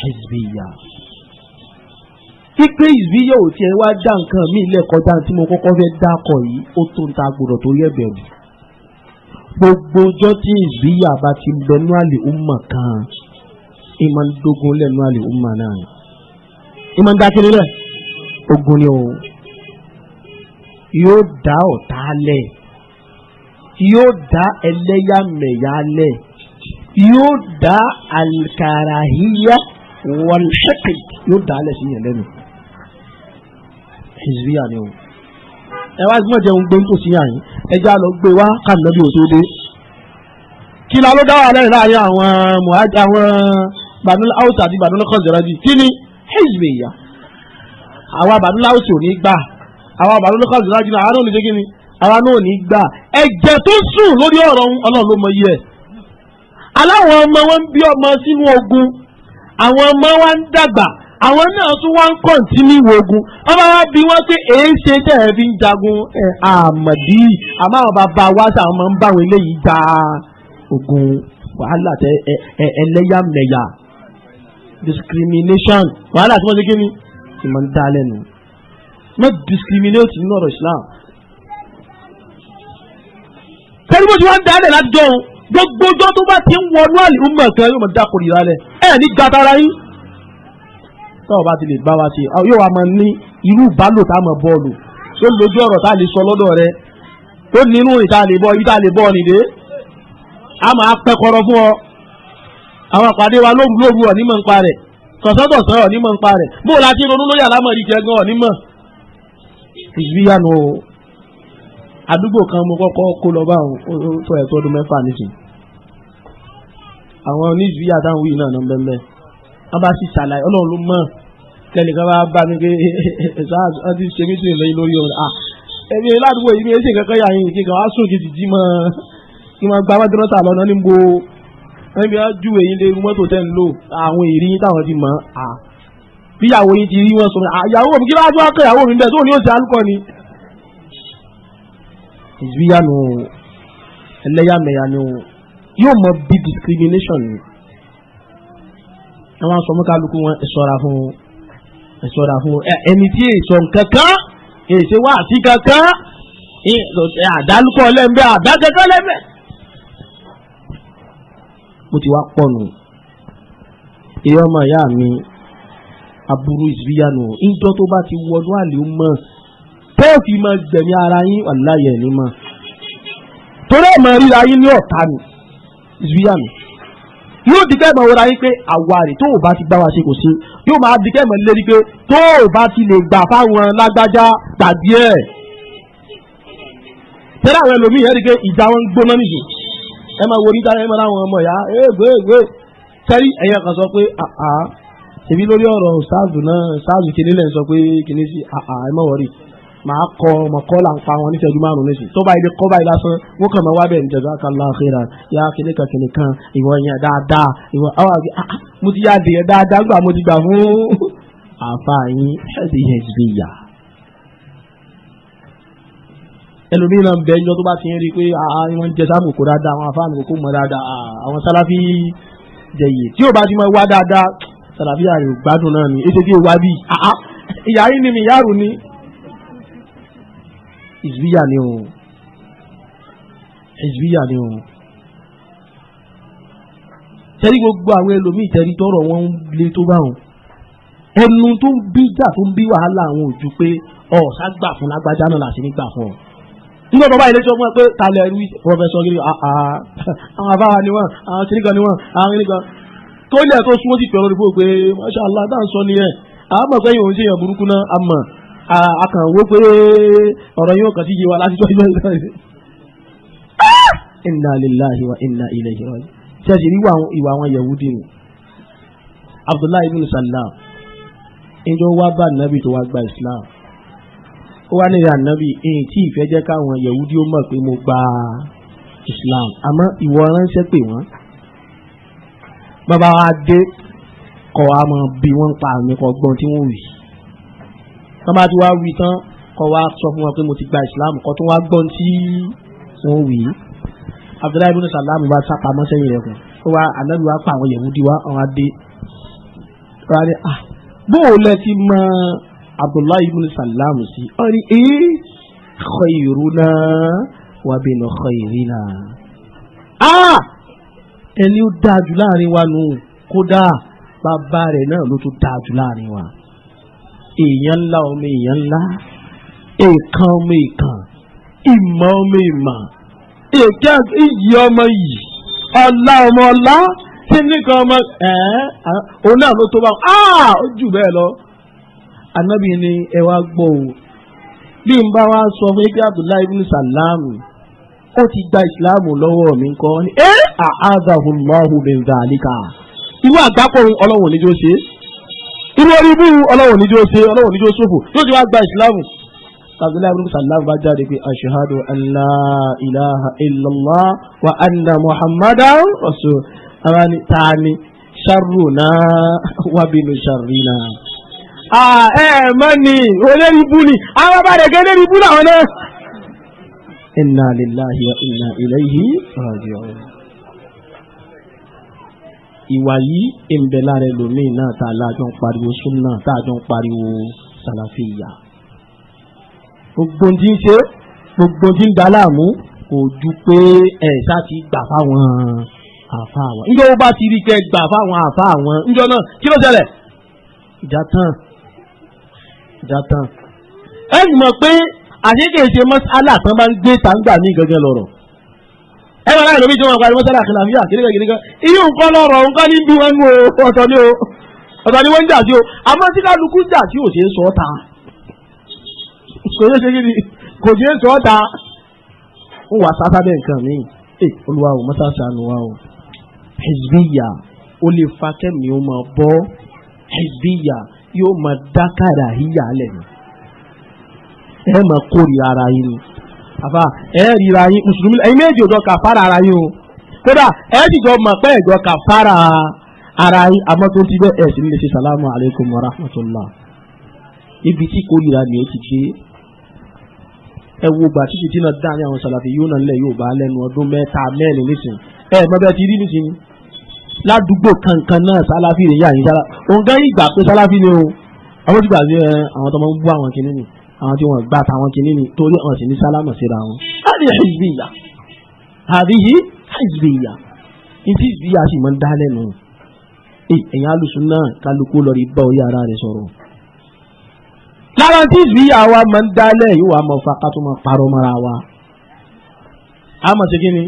hizbiya pípé ìzúyẹ̀ ò tiẹ̀ wá dá nǹkan mí lẹ́kọ̀ọ́dá tí mo kọ́kọ́ fẹ́ dákọ̀ yìí ó tó ń ta gbọ́dọ̀ tó yẹ bẹ̀rù gbogbo ọjọ́ tí ìzúyẹ̀ àbá ti bẹnu àlè ọmọ kan ìmọ̀ ń dógun lẹ́nu àlè ọmọ náà ìmọ̀ ogun ni o yóò dá ọ̀tá lẹ̀ yóò dá ẹlẹ́yàmẹ̀yà lẹ̀ yóò dá alikarahiya wọlẹ́kì yóò dá lẹ̀ sí yẹn lẹ́nu hizbiya ni o ẹ wá gbọ́n jẹun gbé nítòsí yàn yín ẹja lọ gbé wá kàmínàbí òtó dé kí la ló dá wà lẹ́yìn láàrin àwọn muhaj àwọn banul house àti banul kọ́sìrẹ́jì kí ni hizbiya àwa banul house ò ní gbà àwa banul kọ́sìrẹ́jì náà àwọn náà ò ní ṣe kí ni àwa náà ò ní gbà ẹ̀jẹ̀ tó sùn lórí ọ̀rọ̀ ọlọ́run ló mọ iye ẹ̀ aláwọn ọmọ wọn ń bí ọmọ sínú ogun àwọn ọmọ wa ń dàgbà àwọn náà tún wá ń kọ̀ǹtínú ìwògùn ọba wa bí wọ́n pé èé ṣe tẹ̀lé fi ń jagun àmọ̀dí àmọ́ àwọn bàbá wa sàwọn máa ń bá àwọn eléyìí ja ogun wàhálà tẹ ẹlẹ́yàmẹ̀yà discrimination wàhálà tí wọ́n ṣe kíni tí wọ́n ń dá lẹ́nu má discriminate nínú ọ̀rọ̀ Islam. pẹ̀lú bó ti wá ń dálẹ̀ láti jọun gbogbo ọjọ́ tó bá ti ń wọnú àlè ó mọ̀ kan yóò mọ̀ dákòrò ìrálẹ̀ ẹ̀ ní gàtara yín tọ́wọ́ bá ti lè bá wa ṣe yóò wá máa ní irú ìbálò tá a mọ̀ bọ́ọ̀lù tó lójú ọ̀rọ̀ tá a lè sọ lọ́dọ̀ rẹ tó nínú ìta lè bọ́ ìta lè bọ́ nìdé a máa pẹkọrọ fún ọ àwọn àpàdé wa lóru lóru ọ̀ nímọ̀ nípa rẹ̀ kọ̀sọ́tọ̀sọ́ ọ̀ nímọ̀ nípa rẹ̀ bó o la ti ronú lóyè alámọ̀rí jẹ gan ọ̀ nímọ̀ ìgbéyàwó àdúgbò kan mo kọ́kọ́ kó lọ bá òun tó ẹ̀ tó ọdún mẹ́fà nísìnyí àwọn oníṣìí àtàwọn wíì náà náà bẹ́ẹ̀ bẹ́ẹ̀ wọ́n bá sì ṣàlàyé ọlọ́run ló mọ̀ tẹnìkan bá bá mi pé ṣáàṣì wọ́n ti ṣe lórí ọ̀rọ̀ à ẹ̀mí ládùúgbò yìí mi ẹ̀ kankan yà yín kíkan á sùn kìtì jí mọ́ kí wọ́n gba mọ́tòrọ́tà lọ́nà ní gbo wọ́n fi èyí lé mọ́tò tẹ́ ń lò àwọn èrì yín táwọn ti mọ̀ à bíyàwó yín ti rí wọn sọ àyàwó mi kí lájú akọ ìyàwó mi bẹ́ẹ̀ tó ní òsì alukọ ni. ìbíyànù ẹlẹ́yàmẹ̀yà ni yóò mọ bí discrimination ni ẹ wá sọ mọ́kàlùkù wọn ẹ sọ́ra fún ẹ sọ́ra fún ẹni tí èso kankan èsè wá àti kankan àdálùkọ lẹ́nbẹ́ àdákankan lẹ́nbẹ́. mo ti wá pọ̀ nù ìyá ọmọ ìyá mi aburú ìsìlíyànù ìjọ tó bá ti wọnú àlè mọ́ tẹ́ẹ̀fì máa gbẹ̀mí ara yín wàláyé ẹ̀ ní torí ẹ̀ máa ríra yín ní ọ̀tá ni ìsìlíyànù yóò di kẹ́mọ̀ wọra yín pé àwa rè tó o bá ti gbá wa ṣe kò sí yóò máa di kẹ́mọ̀ lérí pé tó o bá ti lè gbà fáwọn lágbájá tàbí ẹ̀. tẹ́lẹ̀ àwọn ẹlòmíì yẹn rí i pé ìjà wọn ń gbóná nìyí ẹ máa wo orí dára ẹ máa láwọn ọmọ ìyá égbé égbé sẹ́rí ẹ̀yìn kan sọ pé àà ṣèbí lórí ọ̀rọ̀ ṣáàzù náà ṣáàzù kìnìún sọ pé kìnìún sí ẹ má wọrí màá kọ mọ̀kọ́là ń pa wọn ní ìṣẹ́jú márùn-ún níṣẹ́ tó bá ilé kọ́ báyìí lásán wọ́n kàn máa wá bẹ́ẹ̀ ní jazakallahu khairan ya kìnìkan kìnìkan ìwọ yẹn dáadáa ìwọ àwọn àgbẹ̀ ah, ah mo ti yá adìyẹ dáadáa gbà mo ti gbà fún (laughs) àfààní hezbiya. ẹlòmíín náà bẹ́ẹ̀ yọ tó bá ti ń rí i pé àwọn ah, ah, jẹ sáàmù kó dáadáa àwọn afáàmù kó mọ dáadáa àwọn sáláfí jẹyè tí ò bá ti máa wá dáadáa ìzbíyà ni o ìzbíyà ni o tẹ́lí gbogbo àwọn ẹlòmíì tẹ́lí tọrọ wọn ń lé tó bá wọn ẹnu tó ń bí jà tó ń bí wàhálà àwọn òjú pé ọ ṣàgbà fún lágbájá náà láti nígbà fún ọ nígbà tó bá ilé sọ fún ẹ pé talẹ̀ ẹrú pọfẹsọ gírí àwọn afárá ni wọn àwọn kìnìkà ni wọn àwọn kìnìkà tó ilé tó súnmọ́ sí pẹ̀lú olùkó pé masha Allah dáhùn sọ ni ẹ̀ àmọ̀ pé yòó ń ṣe èèyàn burúkú náà àmọ̀ akàn wo pé ọ̀rọ̀ yóò kàn sí yé wa lásìkò ìjọ ìjọ ìjọ. inna lillahi wa inna ilayhi raji. ṣẹ́ẹ̀sì rí ìwà àwọn yahudi ni abdullahi ibn salam ìjọ wa bá nàbì tó wá gba islam ó wá nílẹ̀ ànábì èyí tí ìfẹ́ jẹ́ káwọn yahudi ó mọ̀ pé mo gba islam àmọ́ ìwọ ránṣẹ́ pè wọ́n bàbá wa dé kọ́ wa mọ̀ bí wọ́n ń pa àmì kọ́ gbọ́n tí wọ́n wì í tán bá ti wá wí tán kọ́ wá sọ fún wọn pé mo ti gba ìsìlámù kọ́ tó wá gbọ́n tí wọ́n wí abdullahi ibn salamu bá sá pamọ́ sẹ́yìn rẹ̀ kù ó wá anabi wá pa àwọn yẹ̀wùdí wá ọ̀hún adé rárẹ̀ à bóò lẹ ti mọ abdullahi ibn salamu sí ọ ní ẹ khayruna wa bin khayrina a ah, ẹni ó dáa jù láàrin wa nù kódà bàbá rẹ̀ náà ló tún dáa jù láàrin wa èèyàn ńlá ọmọ èèyàn ńlá nǹkan ọmọ ìkàn ìmọ̀ ọmọ ìmọ̀ èké iyì ọmọ yìí ọlá ọmọ ọlá tí nìkan ọmọ ẹ òun náà ló tó bá ó jù bẹ́ẹ̀ lọ anabi ni ẹ wá gbọ́ o bí n bá wa sọ fún ibi abdullahi ibn salam ó ti gba ìsìláàmù lọ́wọ́ mi kọ́ ẹ a'adhahu Allahu min zalika irú àgbákò ọlọ́wọ̀n níjó ṣe irú orí ibú ọlọ́wọ̀n níjó ṣe ọlọ́wọ̀n níjó ṣòfò yóò ti wá gba ìsìláàmù abdullahi abdul salam bá jáde pé ashahadu alla ilaha illallah wa anna muhammadan rasul àwọn ni taani sharruna wa binu sharrina. ẹ ẹ mọ ni olórí ibú ni àwọn bá rẹ̀ gẹ́gẹ́ olórí ibú làwọn náà. inna lillahi wa inna ilayhi raji'un ìwà yìí èǹbẹ̀ lára ẹlòmíì náà tá a lájọ ń pariwo súnà tá a jọ ń pariwo sàlàfíà. gbogbo ti ń ṣe gbogbo ti ń da láàmú kò ju pé ẹ̀ ṣá ti gbà fáwọn àfa àwọn. ǹjẹ́ ó bá ti rí kẹ́ gbà fáwọn àfa àwọn ǹjọ́ náà kí ló ṣẹlẹ̀? ìjà tán ìjà tán. mọ̀ pé àṣekèṣe mọ́sálà tán bá ń gbé tàǹgbà ní gangan lọ́rọ̀ ẹ bá láàrin omi tí wọn parí mọ́sálà àkàlàmíyà kìnìkan kìnìkan iye nǹkan lọ́rọ̀ nǹkan ní bí wọn mú ọ̀tọ̀ ni o ọ̀tọ̀ ni wọ́n ń jà sí o àmọ́ tí kálukú jà sí ò ṣeé sọ ta kò ṣeé ṣe kí ni kò ṣeé sọ ta ń wà sáfá nǹkan mi ẹ olúwa o mọ́tà sànù wa o hezbiya ó lè fa kẹ́mi ó máa bọ́ hezbiya yóò máa dákàrà híyà lẹ́nu ẹ máa kórìíra ara yín ni àfà ẹ ríra yín mùsùlùmí ẹ̀yin méjì ò jọ kàfàrà ara yín o kódà ẹ jìjọ mọ̀ pé ẹ̀jọ kàfàrà ara yín àmọ́ tó ti bẹ́ ẹ̀ sì ń lè ṣe sàlámù alaykum wa rahmatullah ibi tí kórìíra ni ó ti dé ẹ wo gbà títí tí náà dáhùn àwọn sàlàfì yóò náà nílẹ̀ yóò bá lẹ́nu ọdún mẹ́ta mẹ́rin nísìn ẹ mọ bẹ́ẹ̀ ti rí nísìn ládùúgbò kankan náà sàlàfì rẹ̀ yà yín sàlàfì òǹkà yìí gbà pé sàlàfì ni o àwọn ti gbà pé àwọn tó máa ń bú àwọn kìnìún àwọn tí wọ́n gbà táwọn kìíní ni torí àwọn sì ní sálámà síra wọn. hadi hizbiya hadi hizbiya ìtì hizbiya sì máa ń dá lẹ́nu ẹ̀yìn alùsùn náà kálukú lọ rí bá orí ara rẹ̀ sọ̀rọ̀. lára tí hizbiya wa máa ń dá lẹ́yìn yóò wá máa fa kátó máa parọ́ mọ́ra wa. a máa ṣe kí ni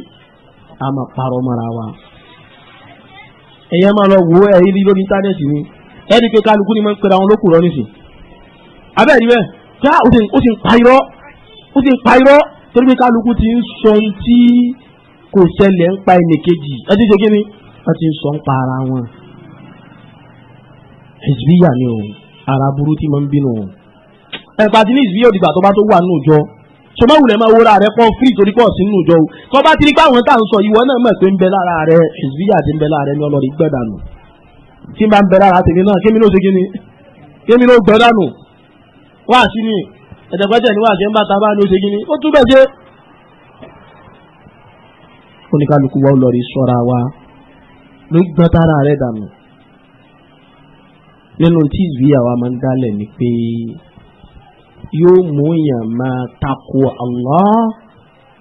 a máa parọ́ mọ́ra wa ẹ̀yẹ́ máa lọ wo ẹ̀rí lórí íńtánẹ́ẹ̀tì ni ẹ̀rí pé kálukú ni máa ń pera já ó sì ń pa irọ́ ó sì ń pa irọ́ torí pé kálukú ti ń sọ ohun tí kò ṣẹlẹ̀ ń pa ẹnìkejì ẹ ti ṣe kí ni wọ́n ti ń sọ ń pa ara wọn. ìsbíyà ni o ara burú tí mo ń bínú o. ẹ̀pà ti ní ìsbíyà òdìgbà tó bá tó wà nínú ìjọ sọmọ wulẹ̀ máa wọra rẹ pọ̀ fírì torí pọ̀ sí nínú ìjọ o tó bá ti rí pé àwọn tá à ń sọ ìwọ náà mọ̀ pé ń bẹ lára rẹ ìsbíyà ti ń bẹ lára rẹ ní ọlọ́ọ̀rì gbẹ̀dànù tí n bá ń bẹ lára tèmi náà kémi náà ṣe kí ni kémi náà gbẹ̀dànù wá sí ni ẹ̀dẹ̀gbẹ́jẹ̀ ni wá sí ń bá ta bá ní ó gíní ó túbẹ̀ ṣe. oníkálukú wa lọ rí sọ́ra wa ló gbọ́n tára rẹ̀ dànù nínú tí ìwé àwa máa ń dálẹ̀ ni pé yóò mú yàn máa takò Allah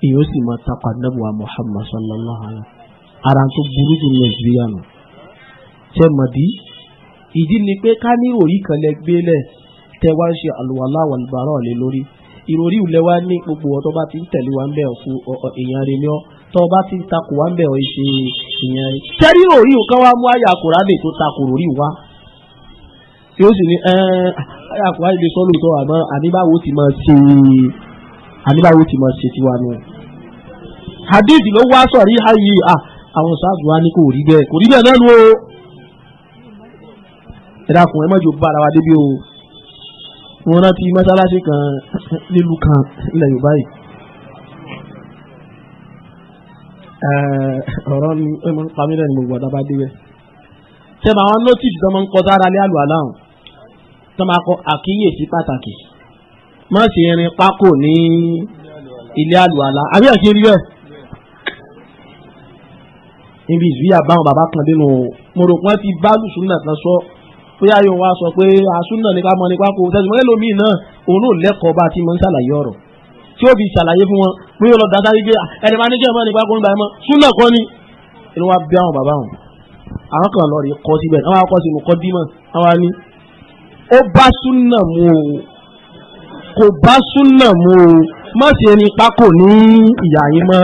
èyí ó sì máa takò anábùwà Muhammad sallallahu alayhi wa sallam ara tó burú jù lọ ìwé àná ṣe ìdí ni pé ká ní orí kan lẹ gbé lẹ̀ tẹ wá ń ṣe àlùwàlá àwàlùbárà lé lórí ìròrí ìlẹ̀ wa ní gbogbo ọ̀tọ́ bá ti ń tẹ̀lé wa ń bẹ̀ fún èèyàn rẹ̀ ni ọ́ tọ́ bá ti ń takò wa ń bẹ̀ ọ́ ṣe èèyàn rẹ̀. tẹ́rí òrí òkan wa mú àyà àkùránì tó takò òrí wa yóò sì ní àyà àkùránì lè sọ lóòótọ́ àmọ́ àníbáwo ti máa ṣe àníbáwo ti máa ṣe tiwa nù. hadith ló wá sọ̀rí ayé àwọn sáàbù wa ní kò rí bẹ́ẹ̀ kò rí bẹ́ẹ̀ náà nù o. ẹ dákun ẹ má jò bá wa débi o mo rántí mọ́sálásí kan nílùú kan ilẹ̀ yorùbá yìí ọ̀rọ̀ ni ẹ máa ń pa mí lẹ́nu gbogbo àdàbà débẹ̀ ṣe máa wọn notice tó máa ń kọ sára lé àlù aláhùn tó máa kọ àkíyèsí pàtàkì má ṣe irin pákó ní ilé àlù alá àbí àṣẹ rí bẹ́ẹ̀ níbi ìzúyà báwọn bàbá kan dénú mo rò pé wọ́n ti bá lùsùn náà kan bóyá yóò wá sọ pé àsúnà ní ká mọ nípa kó tẹsùmọ́ ẹlòmíì náà òun náà lẹ́kọ̀ọ́ bá ti mọ ń ṣàlàyé ọ̀rọ̀ tí ó fi ṣàlàyé fún wọn pé yóò lọ dáadáa wípé ẹni máa ní kí ẹ máa nípa kó ń gbà ẹ mọ súnà kọ́ ni inú wa bí àwọn bàbá wọn àwọn kan lọ rí kọ́ síbẹ̀ àwọn akọ́ sínú kọ́ dímọ̀ àwọn ni ó bá súnà mu o kò bá súnà mu o má sì ẹni pákó ní ìyá yín mọ́.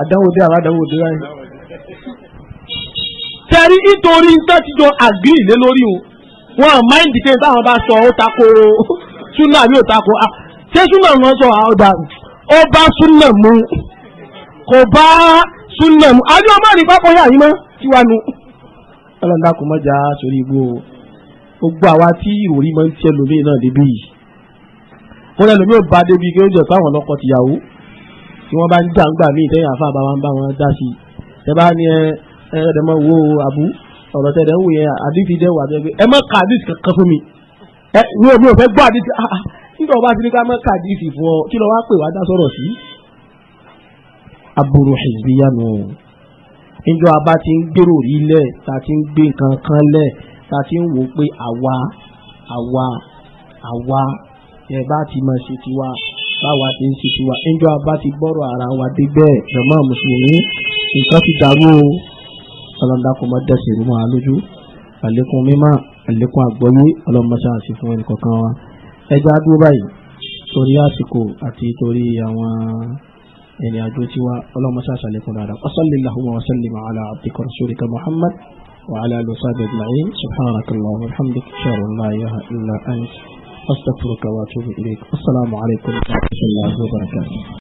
àdánwò dé àwọn àdánwò dé láyé tẹ̀rí nítorí nǹkan ti jọ àgbìrì lé lórí o wọn à máa ń dìde táwọn bá sọ ó tako súnà àbí ó tako a ah, ṣé súnà wọn sọ ah, ọ̀dà ó bá súnà mu kò bá súnà mu àbí ọmọ rẹ̀ pápọ̀ yà yín mọ́ tiwa nu. ọlọ́dà kò mọ̀jà sórí igbó o gbogbo àwa tí ìròrí máa ń tiẹ̀ lómi náà débi yìí wọ́n lẹ́nu mi ò bá débi kí ó jẹ́ fáwọn ọlọ́kọ̀ tìyàwó tí wọ́n bá ń jà míì tẹ́yìn àfa àbáwá bá wọn dá sí i bá ní ẹ ẹ̀rẹ̀ mọ wo àbú ọ̀rọ̀ tẹ̀lé ń wò yẹn àdìsí jẹ́ wà bẹ́ẹ̀ ẹ má ka àdìsí kankan fún mi ẹ mi ò mi ò fẹ́ gbọ́ àdìsí ah, ah, ah. nígbà wọn bá ti ní ká má ka àdìsí fún ọ kí lọ wá pè wá dá sọ̀rọ̀ sí. aburú ṣèṣìyànù níjọ abá ti ń gbèrò rí lẹ̀ ta ti ń gbé nǹkan kan lẹ̀ ta ti ń wò pé àwa àwa àwa ẹ bá ti máa ṣe tiwa báwa ti ń ṣe tiwa níjọ abá ti gbọ́rọ̀ ara wa dé bẹ́ẹ̀ jọ̀mọ́ mùsùlùmí nǹkan ti dàrú o ọlọ́dà kò má dẹ̀sẹ̀ nínú àlójú àlékún mímọ́ àlékún àgbọ́yé ọlọ́mọṣá àti fún ẹnì kọ̀ọ̀kan wa ẹja dúró báyìí torí àsìkò àti torí àwọn ẹni àjò tiwa ọlọ́mọṣá àṣàlékún dáadáa wasalli lahumma wasalli ala abdika rasulika muhammad wa ala lusabi ajma'in subhanakallahu walhamdulilayi shahru la ilaha illa anta astaghfiruka wa atubu ilayk assalamu alaikum